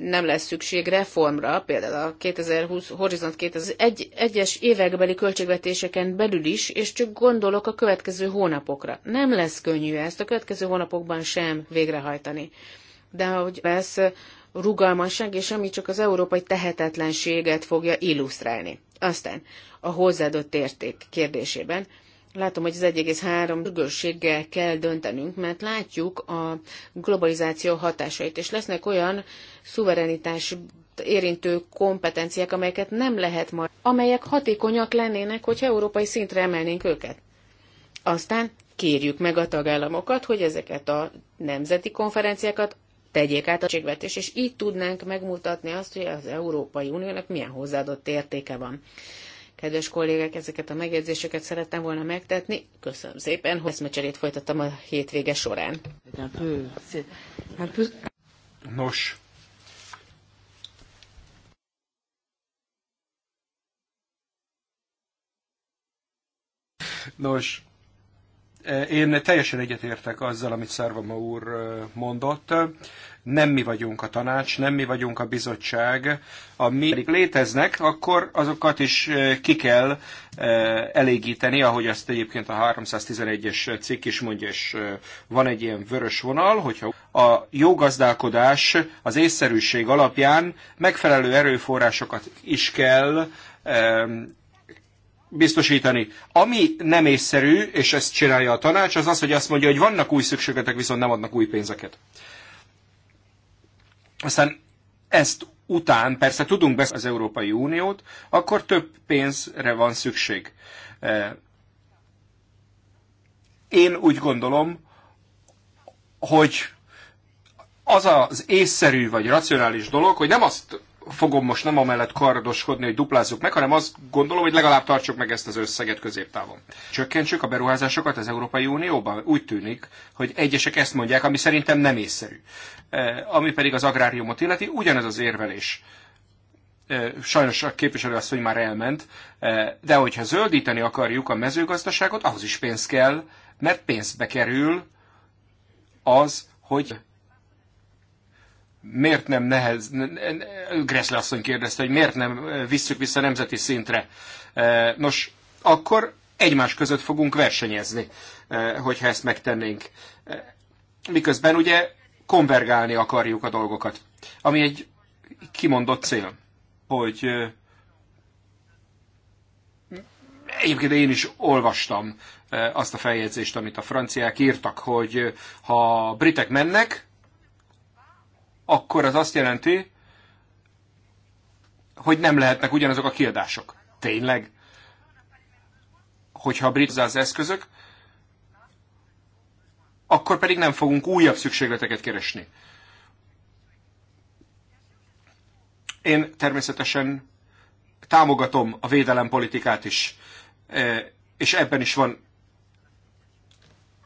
nem lesz szükség reformra, például a 2020, Horizont 2001 egyes évekbeli költségvetéseken belül is, és csak gondolok a következő hónapokra. Nem lesz könnyű ezt a következő hónapokban sem végrehajtani. De hogy lesz rugalmasság, és ami csak az európai tehetetlenséget fogja illusztrálni. Aztán a hozzáadott érték kérdésében – Látom, hogy az 1,3 függőséggel kell döntenünk, mert látjuk a globalizáció hatásait, és lesznek olyan szuverenitás érintő kompetenciák, amelyeket nem lehet majd, amelyek hatékonyak lennének, hogyha európai szintre emelnénk őket. Aztán kérjük meg a tagállamokat, hogy ezeket a nemzeti konferenciákat tegyék át a cségvetés, és így tudnánk megmutatni azt, hogy az Európai Uniónak milyen hozzáadott értéke van. Kedves kollégák, ezeket a megjegyzéseket szerettem volna megtetni. Köszönöm szépen, hogy eszmecserét folytattam a hétvége során. Nos, Nos, én teljesen egyetértek azzal, amit Szárvama úr mondott. Nem mi vagyunk a tanács, nem mi vagyunk a bizottság. Ami léteznek, akkor azokat is ki kell elégíteni, ahogy azt egyébként a 311-es cikk is mondja, és van egy ilyen vörös vonal, hogyha a jó gazdálkodás az észszerűség alapján megfelelő erőforrásokat is kell biztosítani. Ami nem észszerű, és ezt csinálja a tanács, az az, hogy azt mondja, hogy vannak új szükségetek, viszont nem adnak új pénzeket. Aztán ezt után persze tudunk be az Európai Uniót, akkor több pénzre van szükség. E, én úgy gondolom, hogy az az észszerű vagy racionális dolog, hogy nem azt fogom most nem amellett kardoskodni, hogy duplázzuk meg, hanem azt gondolom, hogy legalább tartsuk meg ezt az összeget középtávon. Csökkentsük a beruházásokat az Európai Unióban? Úgy tűnik, hogy egyesek ezt mondják, ami szerintem nem észszerű. E, ami pedig az agráriumot illeti, ugyanez az érvelés e, sajnos a képviselő azt, hogy már elment, e, de hogyha zöldíteni akarjuk a mezőgazdaságot, ahhoz is pénz kell, mert pénzbe kerül az, hogy miért nem nehez, Gressle asszony kérdezte, hogy miért nem eh, visszük vissza nemzeti szintre. Eh, nos, akkor egymás között fogunk versenyezni, eh, hogyha ezt megtennénk. Miközben ugye konvergálni akarjuk a dolgokat, ami egy kimondott cél, hogy egyébként én is olvastam azt a feljegyzést, amit a franciák írtak, hogy ha a britek mennek, akkor az azt jelenti, hogy nem lehetnek ugyanazok a kiadások. Tényleg? Hogyha a brit az eszközök, akkor pedig nem fogunk újabb szükségleteket keresni. Én természetesen támogatom a védelempolitikát is, e, és ebben is van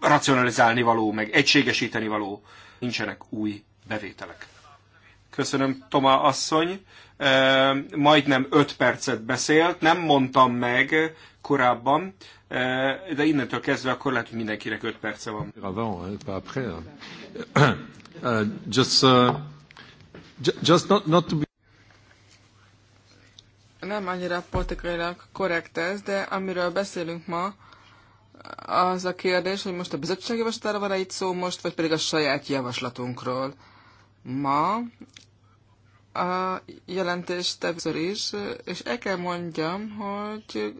racionalizálni való, meg egységesíteni való. Nincsenek új bevételek. Köszönöm, Toma asszony. Majdnem öt percet beszélt, nem mondtam meg korábban, de innentől kezdve akkor lehet, hogy mindenkinek öt perce van. Euh, just, uh, just not, not to be... Nem annyira politikailag korrekt ez, de amiről beszélünk ma, az a kérdés, hogy most a bizottsági javaslatára van -e itt szó most, vagy pedig a saját javaslatunkról ma a jelentést többször is, és el kell mondjam, hogy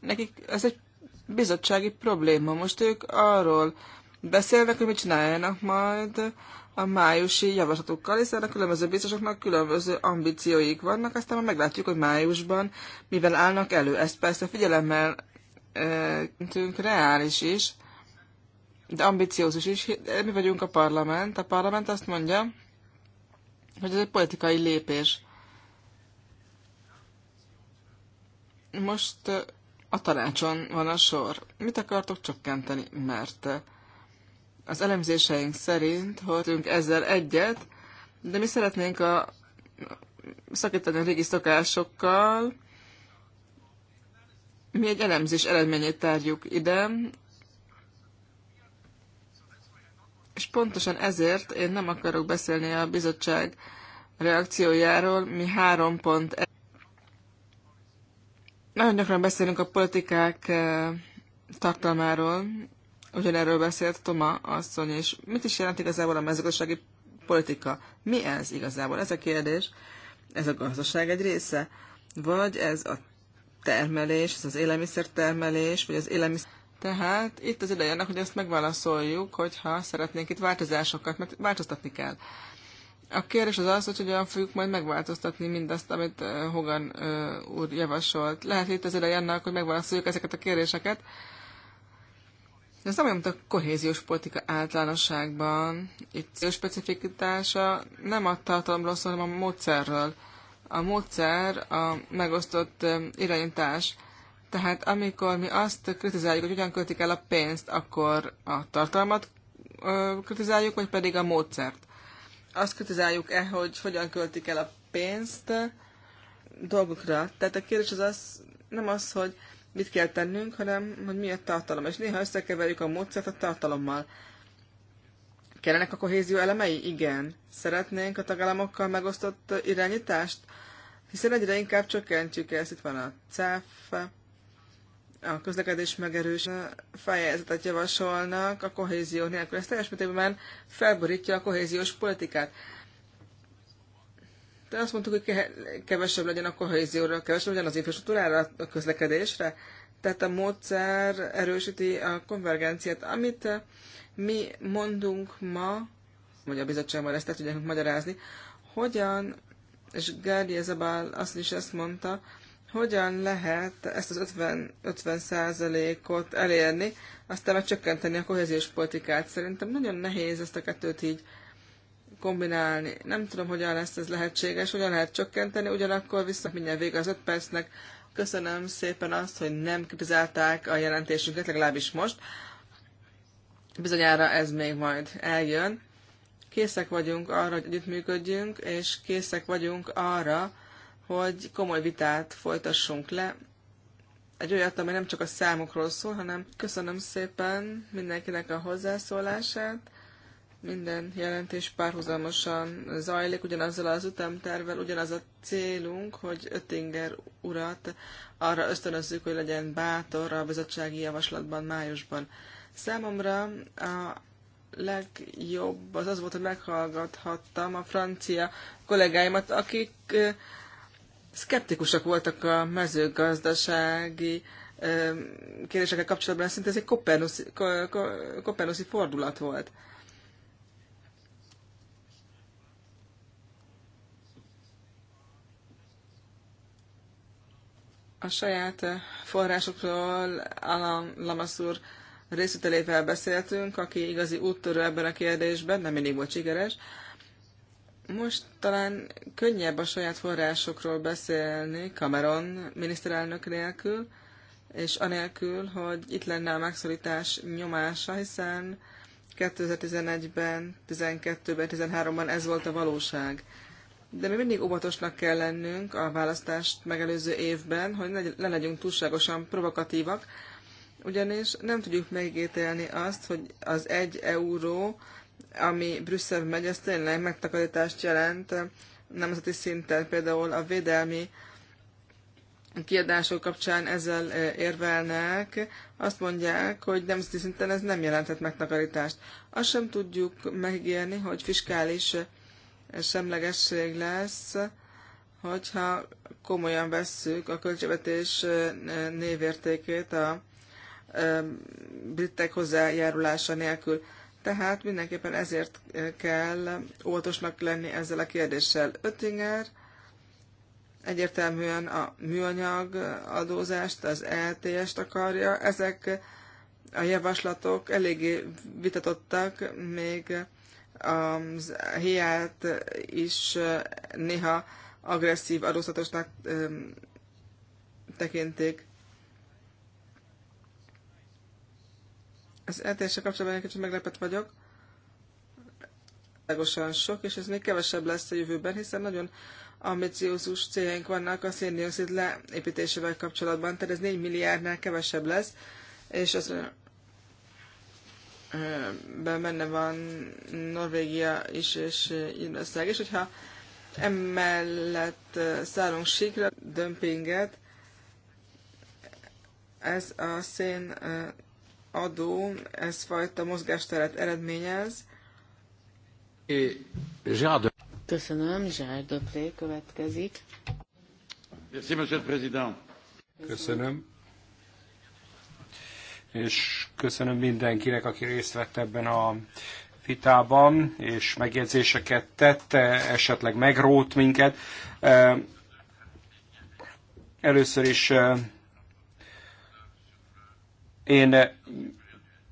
nekik ez egy bizottsági probléma. Most ők arról beszélnek, hogy mit csináljanak majd a májusi javaslatukkal, hiszen a különböző biztosoknak különböző ambícióik vannak, aztán már meglátjuk, hogy májusban mivel állnak elő. Ezt persze figyelemmel e, tűnk reális is, de ambiciózus is. Mi vagyunk a parlament. A parlament azt mondja, hogy ez egy politikai lépés. Most a tanácson van a sor. Mit akartok csökkenteni? Mert az elemzéseink szerint, hogy ezzel egyet, de mi szeretnénk a szakítani a régi szokásokkal. Mi egy elemzés eredményét tárjuk ide, És pontosan ezért én nem akarok beszélni a bizottság reakciójáról. Mi három pont. E- Nagyon gyakran beszélünk a politikák e, tartalmáról, ugyanerről beszélt Toma asszony, és mit is jelent igazából a mezőgazdasági politika? Mi ez igazából? Ez a kérdés. Ez a gazdaság egy része? Vagy ez a termelés, ez az élelmiszertermelés, vagy az élelmiszer tehát itt az ideje annak, hogy ezt megválaszoljuk, hogyha szeretnénk itt változásokat, mert változtatni kell. A kérdés az az, hogy hogyan fogjuk majd megváltoztatni mindazt, amit Hogan úr javasolt. Lehet itt az ideje annak, hogy megválaszoljuk ezeket a kérdéseket. ez nem olyan, mint a kohéziós politika általánosságban. Itt a specifikitása nem a tartalomról szól, hanem a módszerről. A módszer a megosztott irányítás. Tehát amikor mi azt kritizáljuk, hogy hogyan költik el a pénzt, akkor a tartalmat kritizáljuk, vagy pedig a módszert. Azt kritizáljuk-e, hogy hogyan költik el a pénzt dolgokra. Tehát a kérdés az, az nem az, hogy mit kell tennünk, hanem hogy mi a tartalom. És néha összekeverjük a módszert a tartalommal. Kellenek a kohézió elemei? Igen. Szeretnénk a tagállamokkal megosztott irányítást? Hiszen egyre inkább csökkentjük ezt. Itt van a CEF, a közlekedés megerős fejezetet javasolnak a kohézió nélkül. Ez teljes mértékben felborítja a kohéziós politikát. De azt mondtuk, hogy kevesebb legyen a kohézióra, kevesebb legyen az infrastruktúrára, a közlekedésre. Tehát a módszer erősíti a konvergenciát. Amit eh, mi mondunk ma, vagy a bizottságban ezt el tudják magyarázni, hogyan, és Gárdi Ezabál azt is ezt mondta, hogyan lehet ezt az 50, 50 százalékot elérni, aztán meg csökkenteni a kohéziós politikát. Szerintem nagyon nehéz ezt a kettőt így kombinálni. Nem tudom, hogyan lesz ez lehetséges, hogyan lehet csökkenteni, ugyanakkor viszont mindjárt vége az 5 percnek. Köszönöm szépen azt, hogy nem kritizálták a jelentésünket, legalábbis most. Bizonyára ez még majd eljön. Készek vagyunk arra, hogy együttműködjünk, és készek vagyunk arra, hogy komoly vitát folytassunk le, egy olyat, ami nem csak a számokról szól, hanem köszönöm szépen mindenkinek a hozzászólását. Minden jelentés párhuzamosan zajlik, ugyanazzal az ütemtervel, ugyanaz a célunk, hogy Öttinger urat arra ösztönözzük, hogy legyen bátor a bizottsági javaslatban májusban. Számomra a legjobb az az volt, hogy meghallgathattam a francia kollégáimat, akik Szkeptikusak voltak a mezőgazdasági kérdésekkel kapcsolatban, szinte ez egy kopernuszi, fordulat volt. a saját forrásokról Alan Lamassur részvételével beszéltünk, aki igazi úttörő ebben a kérdésben, nem mindig volt sikeres, most talán könnyebb a saját forrásokról beszélni Cameron miniszterelnök nélkül, és anélkül, hogy itt lenne a megszorítás nyomása, hiszen 2011-ben, 12-ben, 13-ban ez volt a valóság. De mi mindig óvatosnak kell lennünk a választást megelőző évben, hogy ne legyünk túlságosan provokatívak, ugyanis nem tudjuk megítélni azt, hogy az egy euró ami Brüsszelben megy, az tényleg megtakarítást jelent nemzeti szinten, például a védelmi kiadások kapcsán ezzel érvelnek, azt mondják, hogy nemzeti szinten ez nem jelenthet megtakarítást. Azt sem tudjuk megígérni, hogy fiskális semlegesség lesz, hogyha komolyan vesszük a költségvetés névértékét a britek hozzájárulása nélkül. Tehát mindenképpen ezért kell óvatosnak lenni ezzel a kérdéssel. Öttinger egyértelműen a műanyag adózást, az ETS-t akarja. Ezek a javaslatok eléggé vitatottak, még az hiát is néha agresszív adóztatosnak tekintik. Az e eltérése kapcsolatban egy kicsit meglepett vagyok. Legosan sok, és ez még kevesebb lesz a jövőben, hiszen nagyon ambiciózus céljaink vannak a széndiokszid leépítésével kapcsolatban, tehát ez 4 milliárdnál kevesebb lesz, és az ben benne van Norvégia is, és Írország is, hogyha emellett szállunk síkra, dömpinget, ez a szén adó, ez fajta mozgásteret eredményez. Köszönöm, Zsár Döplé következik. Köszönöm. És köszönöm mindenkinek, aki részt vett ebben a vitában, és megjegyzéseket tette, esetleg megrót minket. E, először is e, én eh,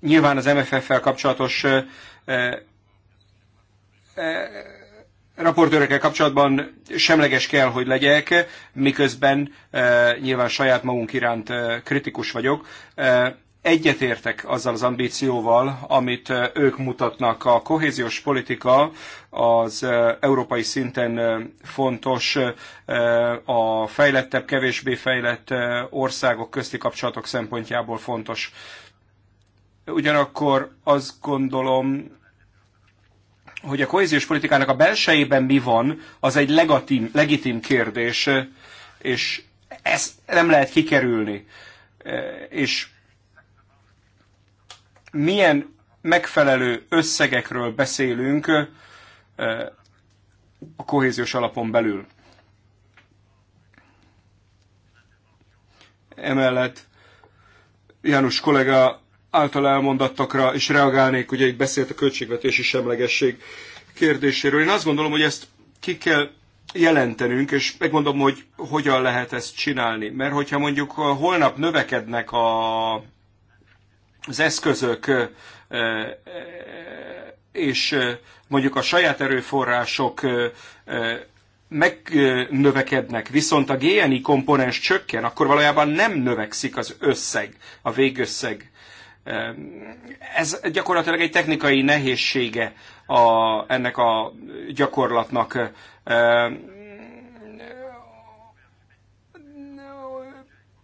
nyilván az MFF-fel kapcsolatos eh, eh, raportőrökkel kapcsolatban semleges kell, hogy legyek, miközben nyilván saját magunk iránt kritikus vagyok egyetértek azzal az ambícióval, amit ők mutatnak. A kohéziós politika az európai szinten fontos a fejlettebb, kevésbé fejlett országok közti kapcsolatok szempontjából fontos. Ugyanakkor azt gondolom, hogy a kohéziós politikának a belsejében mi van, az egy legatim, legitim kérdés, és ezt nem lehet kikerülni. És milyen megfelelő összegekről beszélünk a kohéziós alapon belül. Emellett János kollega által elmondattakra is reagálnék, ugye itt beszélt a költségvetési semlegesség kérdéséről. Én azt gondolom, hogy ezt ki kell jelentenünk, és megmondom, hogy hogyan lehet ezt csinálni. Mert hogyha mondjuk holnap növekednek a az eszközök és mondjuk a saját erőforrások megnövekednek, viszont a GNI komponens csökken, akkor valójában nem növekszik az összeg, a végösszeg. Ez gyakorlatilag egy technikai nehézsége a, ennek a gyakorlatnak.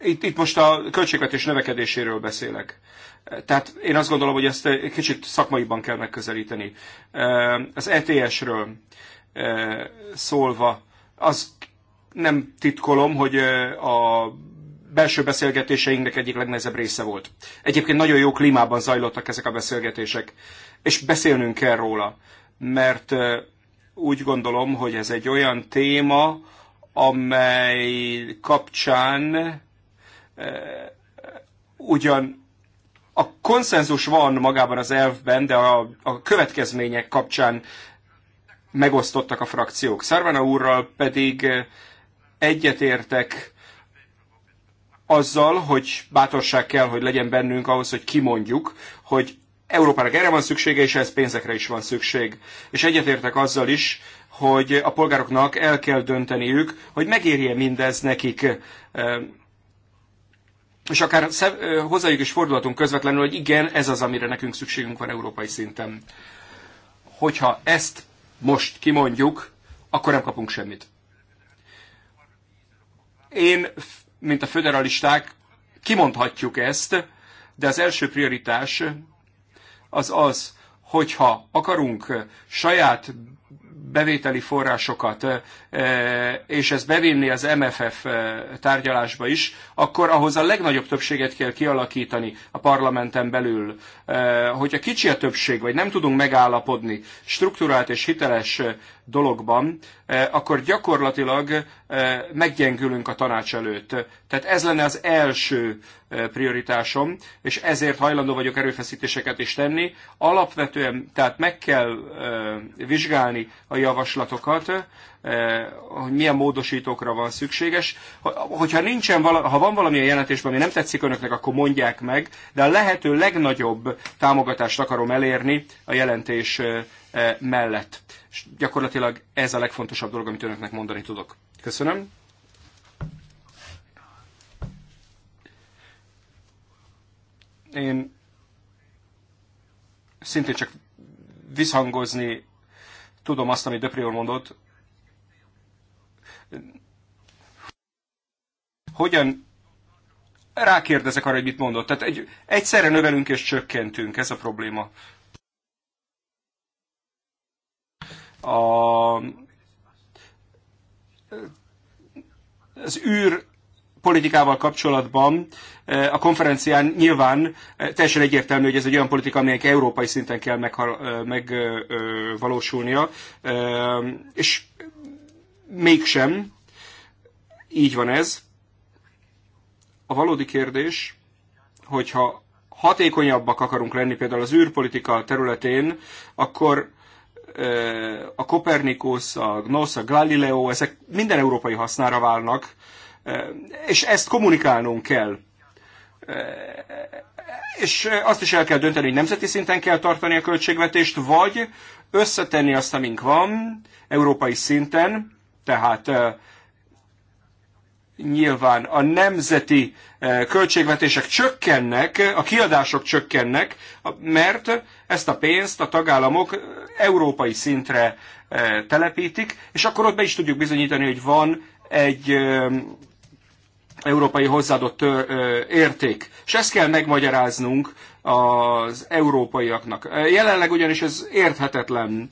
Itt, itt most a költségvetés növekedéséről beszélek. Tehát én azt gondolom, hogy ezt egy kicsit szakmaiban kell megközelíteni. Az ETS-ről szólva, az nem titkolom, hogy a belső beszélgetéseinknek egyik legnehezebb része volt. Egyébként nagyon jó klímában zajlottak ezek a beszélgetések, és beszélnünk kell róla, mert úgy gondolom, hogy ez egy olyan téma, amely kapcsán ugyan a konszenzus van magában az elvben, de a, a következmények kapcsán megosztottak a frakciók. Szarvana úrral pedig eh, egyetértek azzal, hogy bátorság kell, hogy legyen bennünk ahhoz, hogy kimondjuk, hogy Európának erre van szüksége, és ez pénzekre is van szükség. És egyetértek azzal is, hogy a polgároknak el kell dönteniük, hogy megérje mindez nekik eh, és akár hozzájuk is fordulhatunk közvetlenül, hogy igen, ez az, amire nekünk szükségünk van európai szinten. Hogyha ezt most kimondjuk, akkor nem kapunk semmit. Én, mint a föderalisták, kimondhatjuk ezt, de az első prioritás az az, hogyha akarunk saját bevételi forrásokat, és ezt bevinni az MFF tárgyalásba is, akkor ahhoz a legnagyobb többséget kell kialakítani a parlamenten belül. Hogyha kicsi a többség, vagy nem tudunk megállapodni strukturált és hiteles dologban, eh, akkor gyakorlatilag eh, meggyengülünk a tanács előtt. Tehát ez lenne az első eh, prioritásom, és ezért hajlandó vagyok erőfeszítéseket is tenni. Alapvetően, tehát meg kell vizsgálni a javaslatokat, Eh, hogy milyen módosítókra van szükséges. Hogyha nincsen vala, ha van valami a jelentésben, ami nem tetszik önöknek, akkor mondják meg, de a lehető legnagyobb támogatást akarom elérni a jelentés eh, eh, mellett. És gyakorlatilag ez a legfontosabb dolog, amit önöknek mondani tudok. Köszönöm. Én szintén csak visszhangozni tudom azt, amit Döprior mondott, hogyan rákérdezek arra, hogy mit mondott. Tehát egy, egyszerre növelünk és csökkentünk, ez a probléma. A, az űr politikával kapcsolatban eh, a konferencián nyilván eh, teljesen egyértelmű, hogy ez egy olyan politika, amelyek európai szinten kell eh, megvalósulnia, és mégsem. Így van ez. A valódi kérdés, hogyha hatékonyabbak akarunk lenni például az űrpolitika területén, akkor a Kopernikus, a Gnosz, a Galileo, ezek minden európai hasznára válnak, és ezt kommunikálnunk kell. És azt is el kell dönteni, hogy nemzeti szinten kell tartani a költségvetést, vagy összetenni azt, amink van, európai szinten, tehát nyilván a nemzeti költségvetések csökkennek, a kiadások csökkennek, mert ezt a pénzt a tagállamok európai szintre telepítik, és akkor ott be is tudjuk bizonyítani, hogy van egy európai hozzáadott érték. És ezt kell megmagyaráznunk az európaiaknak. Jelenleg ugyanis ez érthetetlen.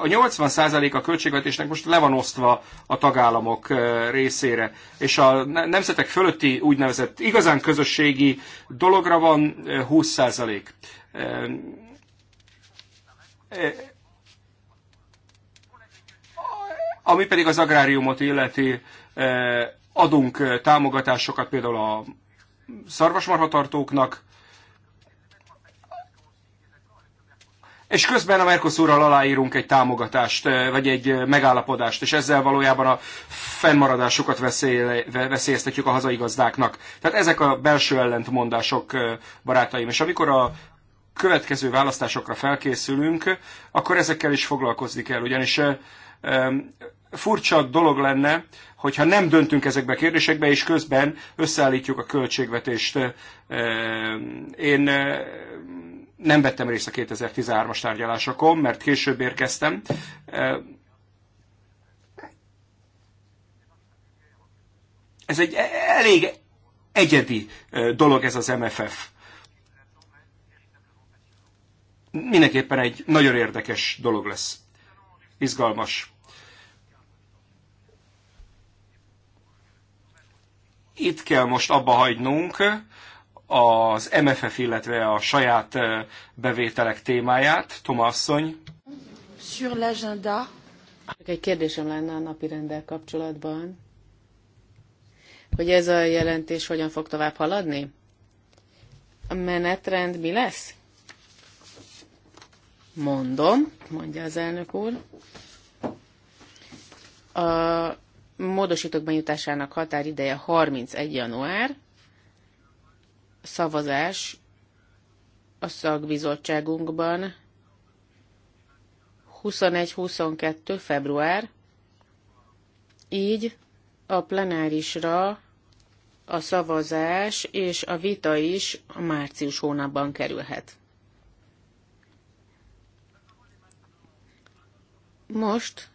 A 80% a költségvetésnek most le van osztva a tagállamok részére, és a nemzetek fölötti úgynevezett igazán közösségi dologra van 20%. Ami pedig az agráriumot illeti, adunk támogatásokat például a szarvasmarhatartóknak, és közben a Mercosurral aláírunk egy támogatást, vagy egy megállapodást, és ezzel valójában a fennmaradásokat veszélyeztetjük a hazai gazdáknak. Tehát ezek a belső ellentmondások, barátaim. És amikor a következő választásokra felkészülünk, akkor ezekkel is foglalkozni kell, ugyanis furcsa dolog lenne, hogyha nem döntünk ezekbe a kérdésekbe, és közben összeállítjuk a költségvetést. Én nem vettem részt a 2013-as tárgyalásokon, mert később érkeztem. Ez egy e-, elég egyedi dolog ez az MFF. Mindenképpen egy nagyon érdekes dolog lesz. Izgalmas. Itt kell most abba hagynunk, az MFF, illetve a saját bevételek témáját. Toma asszony. Sur l'agenda. Egy kérdésem lenne a napi rendel kapcsolatban, hogy ez a jelentés hogyan fog tovább haladni? A menetrend mi lesz? Mondom, mondja az elnök úr. A módosítók benyújtásának határideje 31. január, szavazás a szakbizottságunkban 21-22 február, így a plenárisra a szavazás és a vita is a március hónapban kerülhet. Most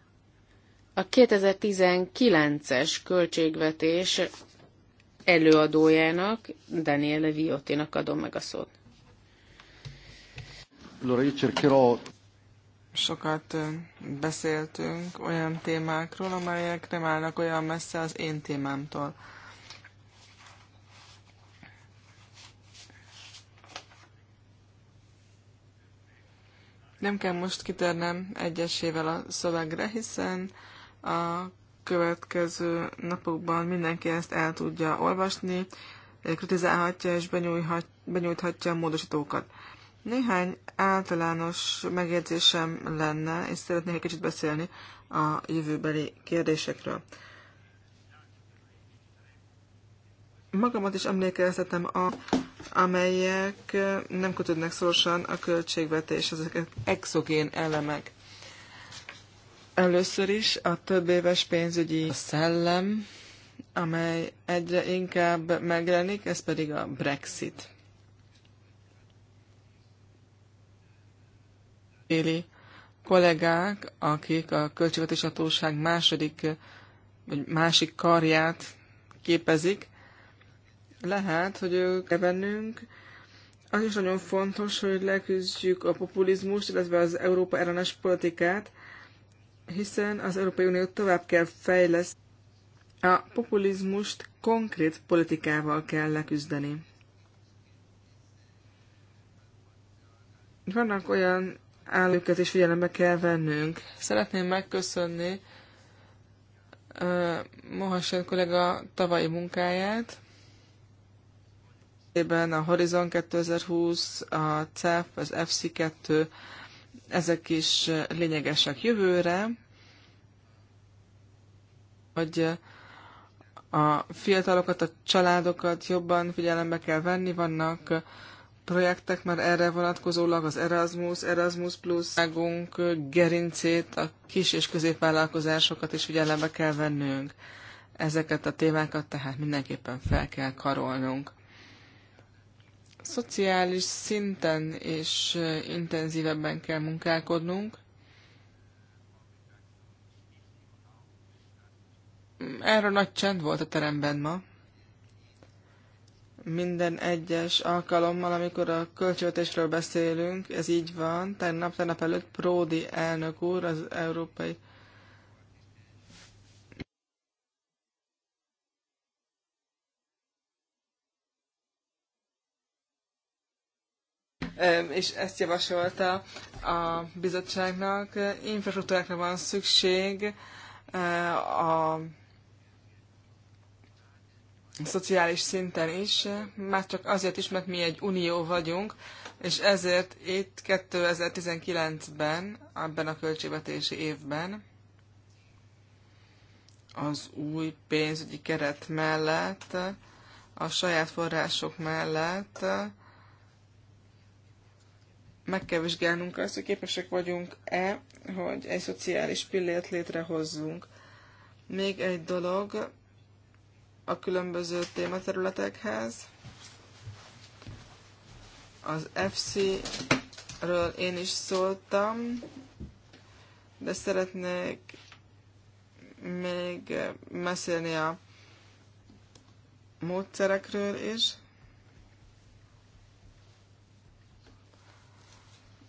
a 2019-es költségvetés előadójának, Daniele Viotinak adom meg a szót. Sokat beszéltünk olyan témákról, amelyek nem állnak olyan messze az én témámtól. Nem kell most kitörnem egyesével a szövegre, hiszen a következő napokban mindenki ezt el tudja olvasni, kritizálhatja és benyújthatja a módosítókat. Néhány általános megjegyzésem lenne, és szeretnék egy kicsit beszélni a jövőbeli kérdésekről. Magamat is emlékeztetem, a, amelyek nem kötődnek szorosan a költségvetéshez, ezek exogén elemek. Először is a több éves pénzügyi szellem, amely egyre inkább megjelenik, ez pedig a Brexit. Éli kollégák, akik a költségvetés hatóság második vagy másik karját képezik, lehet, hogy ők bennünk. Az is nagyon fontos, hogy leküzdjük a populizmust, illetve az Európa ellenes politikát, hiszen az Európai Unió tovább kell fejleszteni. A populizmust konkrét politikával kell leküzdeni. Vannak olyan állóket is figyelembe kell vennünk. Szeretném megköszönni uh, Mohasen kollega tavalyi munkáját. Ében a Horizon 2020, a CEF, az FC2, ezek is lényegesek jövőre, hogy a fiatalokat, a családokat jobban figyelembe kell venni, vannak projektek már erre vonatkozólag, az Erasmus, Erasmus Plus, águnk gerincét, a kis és középvállalkozásokat is figyelembe kell vennünk. Ezeket a témákat tehát mindenképpen fel kell karolnunk. Szociális szinten és intenzívebben kell munkálkodnunk. Erről nagy csend volt a teremben ma. Minden egyes alkalommal, amikor a költségvetésről beszélünk, ez így van. Tegnap, tegnap előtt Pródi elnök úr, az Európai és ezt javasolta a bizottságnak. Infrastruktúrákra van szükség a szociális szinten is, már csak azért is, mert mi egy unió vagyunk, és ezért itt 2019-ben, abban a költségvetési évben, az új pénzügyi keret mellett, a saját források mellett meg kell vizsgálnunk azt, hogy képesek vagyunk-e, hogy egy szociális pillért létrehozzunk. Még egy dolog a különböző tématerületekhez. Az FC-ről én is szóltam, de szeretnék még beszélni eh, a módszerekről is.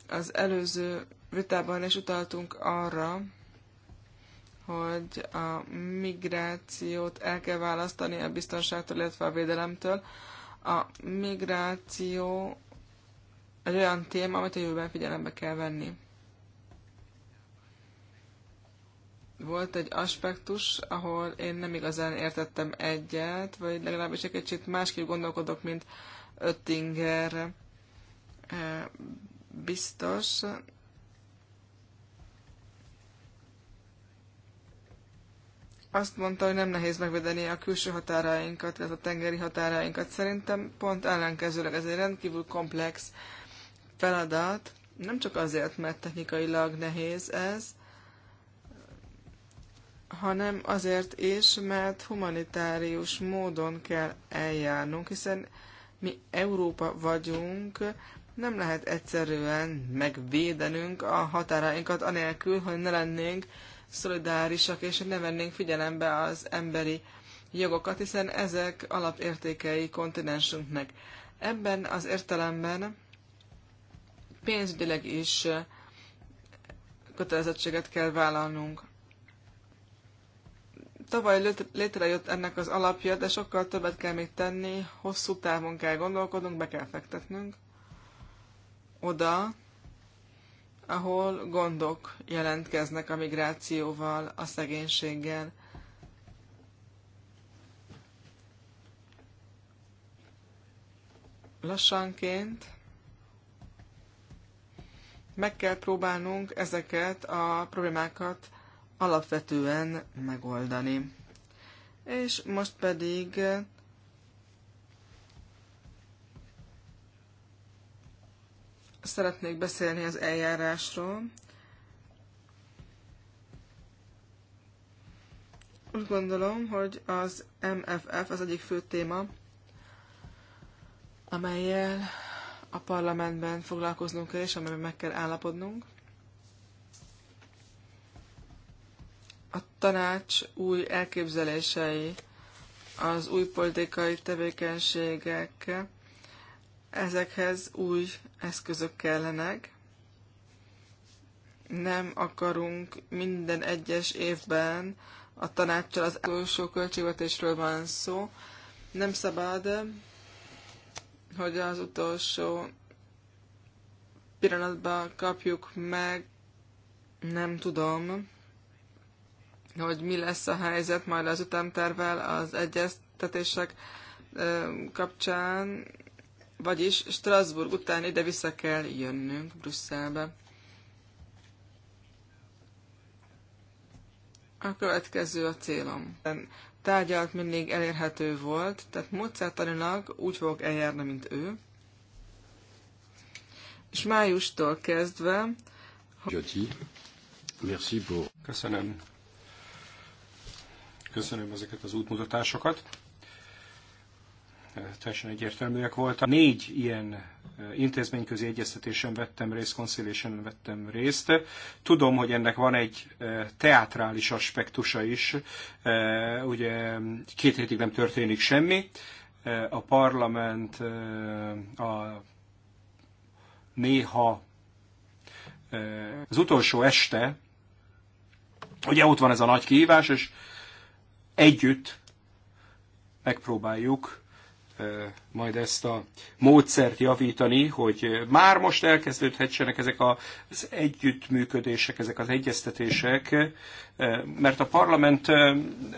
Az előző vitában is utaltunk arra, hogy a migrációt el kell választani a biztonságtól, illetve a védelemtől. A migráció egy olyan téma, amit a jövőben figyelembe kell venni. Volt egy aspektus, ahol én nem igazán értettem egyet, vagy legalábbis egy kicsit másképp gondolkodok, mint Öttinger eh, biztos, azt mondta, hogy nem nehéz megvédeni a külső határainkat, illetve a tengeri határainkat. Szerintem pont ellenkezőleg ez egy rendkívül komplex feladat, nem csak azért, mert technikailag nehéz ez, hanem azért is, mert humanitárius módon kell eljárnunk, hiszen mi Európa vagyunk, nem lehet egyszerűen megvédenünk a határainkat anélkül, hogy ne lennénk szolidárisak, és ne vennénk figyelembe az emberi jogokat, hiszen ezek alapértékei kontinensünknek. Ebben az értelemben pénzügyileg is kötelezettséget kell vállalnunk. Tavaly létrejött ennek az alapja, de sokkal többet kell még tenni, hosszú távon kell gondolkodnunk, be kell fektetnünk oda, ahol gondok jelentkeznek a migrációval, a szegénységgel. Lassanként meg kell próbálnunk ezeket a problémákat alapvetően megoldani. És most pedig szeretnék beszélni az eljárásról. Úgy gondolom, hogy az MFF az egyik fő téma, amelyel a parlamentben foglalkoznunk kell, és amelyben meg kell állapodnunk. A tanács új elképzelései az új politikai tevékenységek ezekhez új eszközök kellenek. Nem akarunk minden egyes évben a tanácssal az utolsó költségvetésről van szó. Nem szabad, hogy az utolsó pillanatban kapjuk meg. Nem tudom, hogy mi lesz a helyzet majd az utamtervel az egyeztetések kapcsán vagyis Strasbourg után ide vissza kell jönnünk Brüsszelbe. A következő a célom. Tárgyalt mindig elérhető volt, tehát módszertanilag úgy fogok eljárni, mint ő. És májustól kezdve... Gyöti, merci pour... Köszönöm. Köszönöm ezeket az útmutatásokat teljesen egyértelműek voltak. Négy ilyen eh, intézményközi egyeztetésen vettem részt, conciliation vettem részt. Tudom, hogy ennek van egy eh, teátrális aspektusa is, eh, ugye két hétig nem történik semmi. A parlament a néha az utolsó este, ugye ott van ez a nagy kihívás, és együtt megpróbáljuk majd ezt a módszert javítani, hogy már most elkezdődhetsenek ezek az együttműködések, ezek az egyeztetések, mert a parlament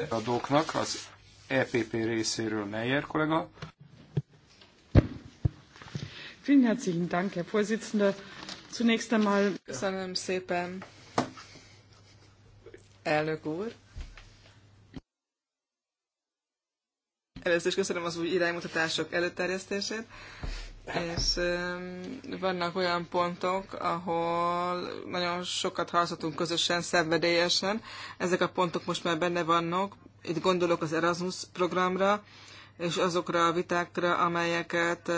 adóknak az EPP részéről Meyer kollega. Vielen herzlichen Dank, Herr Vorsitzender. Zunächst einmal köszönöm szépen, elnök úr. Először is köszönöm az új iránymutatások előterjesztését, és vannak olyan pontok, ahol nagyon sokat hallhatunk közösen, szenvedélyesen. Ezek a pontok most már benne vannak. Itt gondolok az Erasmus programra, és azokra a vitákra, amelyeket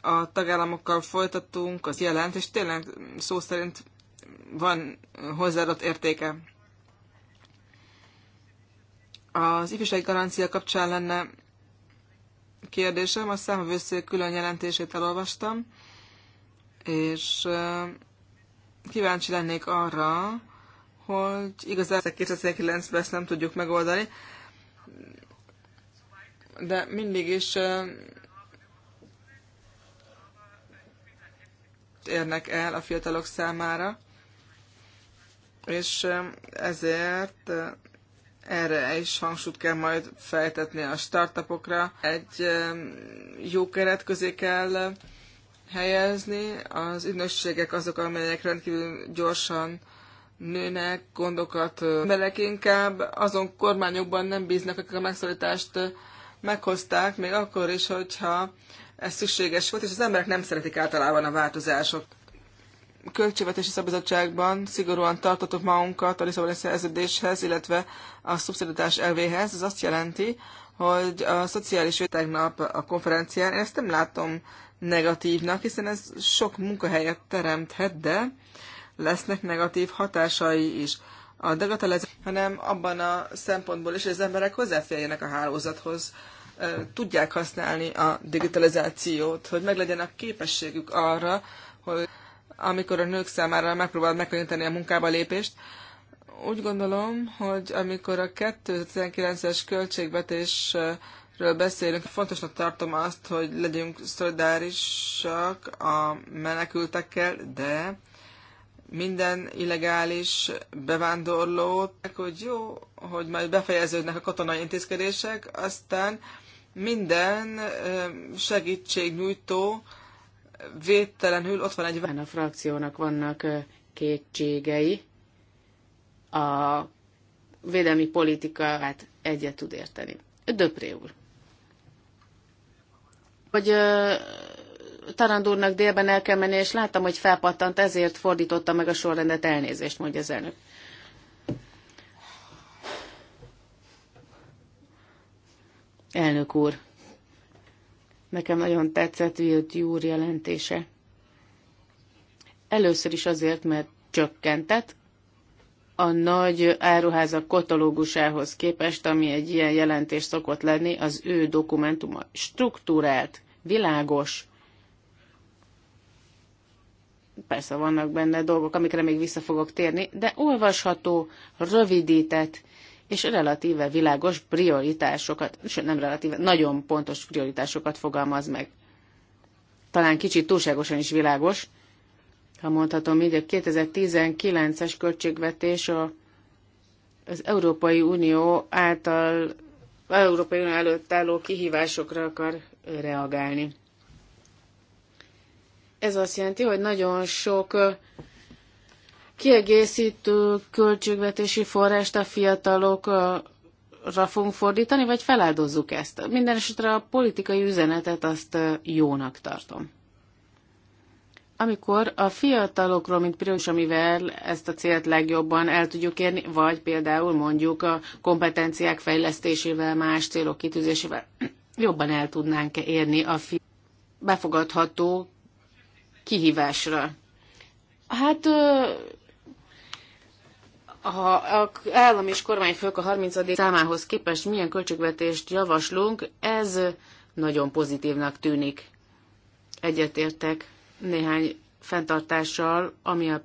a tagállamokkal folytatunk, az jelent, és tényleg szó szerint van hozzáadott értéke az ifjúsági garancia kapcsán lenne kérdésem, a számvevőszék külön jelentését elolvastam, és kíváncsi lennék arra, hogy igazából 2009-ben ezt nem tudjuk megoldani, de mindig is érnek el a fiatalok számára, és ezért erre is hangsúlyt kell majd fejtetni a startupokra. Egy jó keret közé kell helyezni. Az ügynökségek azok, amelyek rendkívül gyorsan nőnek, gondokat melek inkább azon kormányokban nem bíznak, akik a megszólítást meghozták, még akkor is, hogyha ez szükséges volt, és az emberek nem szeretik általában a változások. Költségvetési szabadságban szigorúan tartottuk magunkat a Lisszaboni szerződéshez, illetve a szubszidatás elvéhez. Ez azt jelenti, hogy a szociális tegnap a konferencián, én ezt nem látom negatívnak, hiszen ez sok munkahelyet teremthet, de lesznek negatív hatásai is. A digitalizáció, hanem abban a szempontból is, hogy az emberek hozzáférjenek a hálózathoz, tudják használni a digitalizációt, hogy meglegyen a képességük arra, hogy amikor a nők számára megpróbálod megkönnyíteni a munkába lépést. Úgy gondolom, hogy amikor a 2019-es költségvetésről beszélünk, fontosnak tartom azt, hogy legyünk szolidárisak a menekültekkel, de minden illegális bevándorlót, hogy jó, hogy majd befejeződnek a katonai intézkedések, aztán minden segítségnyújtó védtelenül ott van egy... A frakciónak vannak kétségei. A védelmi politikát egyet tud érteni. Döpré úr. Hogy Tarand úrnak délben el kell menni, és láttam, hogy felpattant, ezért fordította meg a sorrendet, elnézést, mondja az elnök. Elnök úr, Nekem nagyon tetszett Vilti úr jelentése. Először is azért, mert csökkentett a nagy áruházak katalógusához képest, ami egy ilyen jelentés szokott lenni, az ő dokumentuma struktúrált, világos, persze vannak benne dolgok, amikre még vissza fogok térni, de olvasható, rövidített, és relatíve világos prioritásokat, sőt nem relatíve, nagyon pontos prioritásokat fogalmaz meg. Talán kicsit túlságosan is világos, ha mondhatom így, a 2019-es költségvetés a, az Európai Unió által, az Európai Unió előtt álló kihívásokra akar reagálni. Ez azt jelenti, hogy nagyon sok kiegészítő költségvetési forrást a fiatalokra fogunk fordítani, vagy feláldozzuk ezt? Minden esetre a politikai üzenetet azt jónak tartom. Amikor a fiatalokról, mint prioritás, amivel ezt a célt legjobban el tudjuk érni, vagy például mondjuk a kompetenciák fejlesztésével, más célok kitűzésével jobban el tudnánk érni a fi- befogadható kihívásra. Hát ha a állam és kormányfők a 30. számához képest milyen költségvetést javaslunk, ez nagyon pozitívnak tűnik. Egyetértek néhány fenntartással, ami a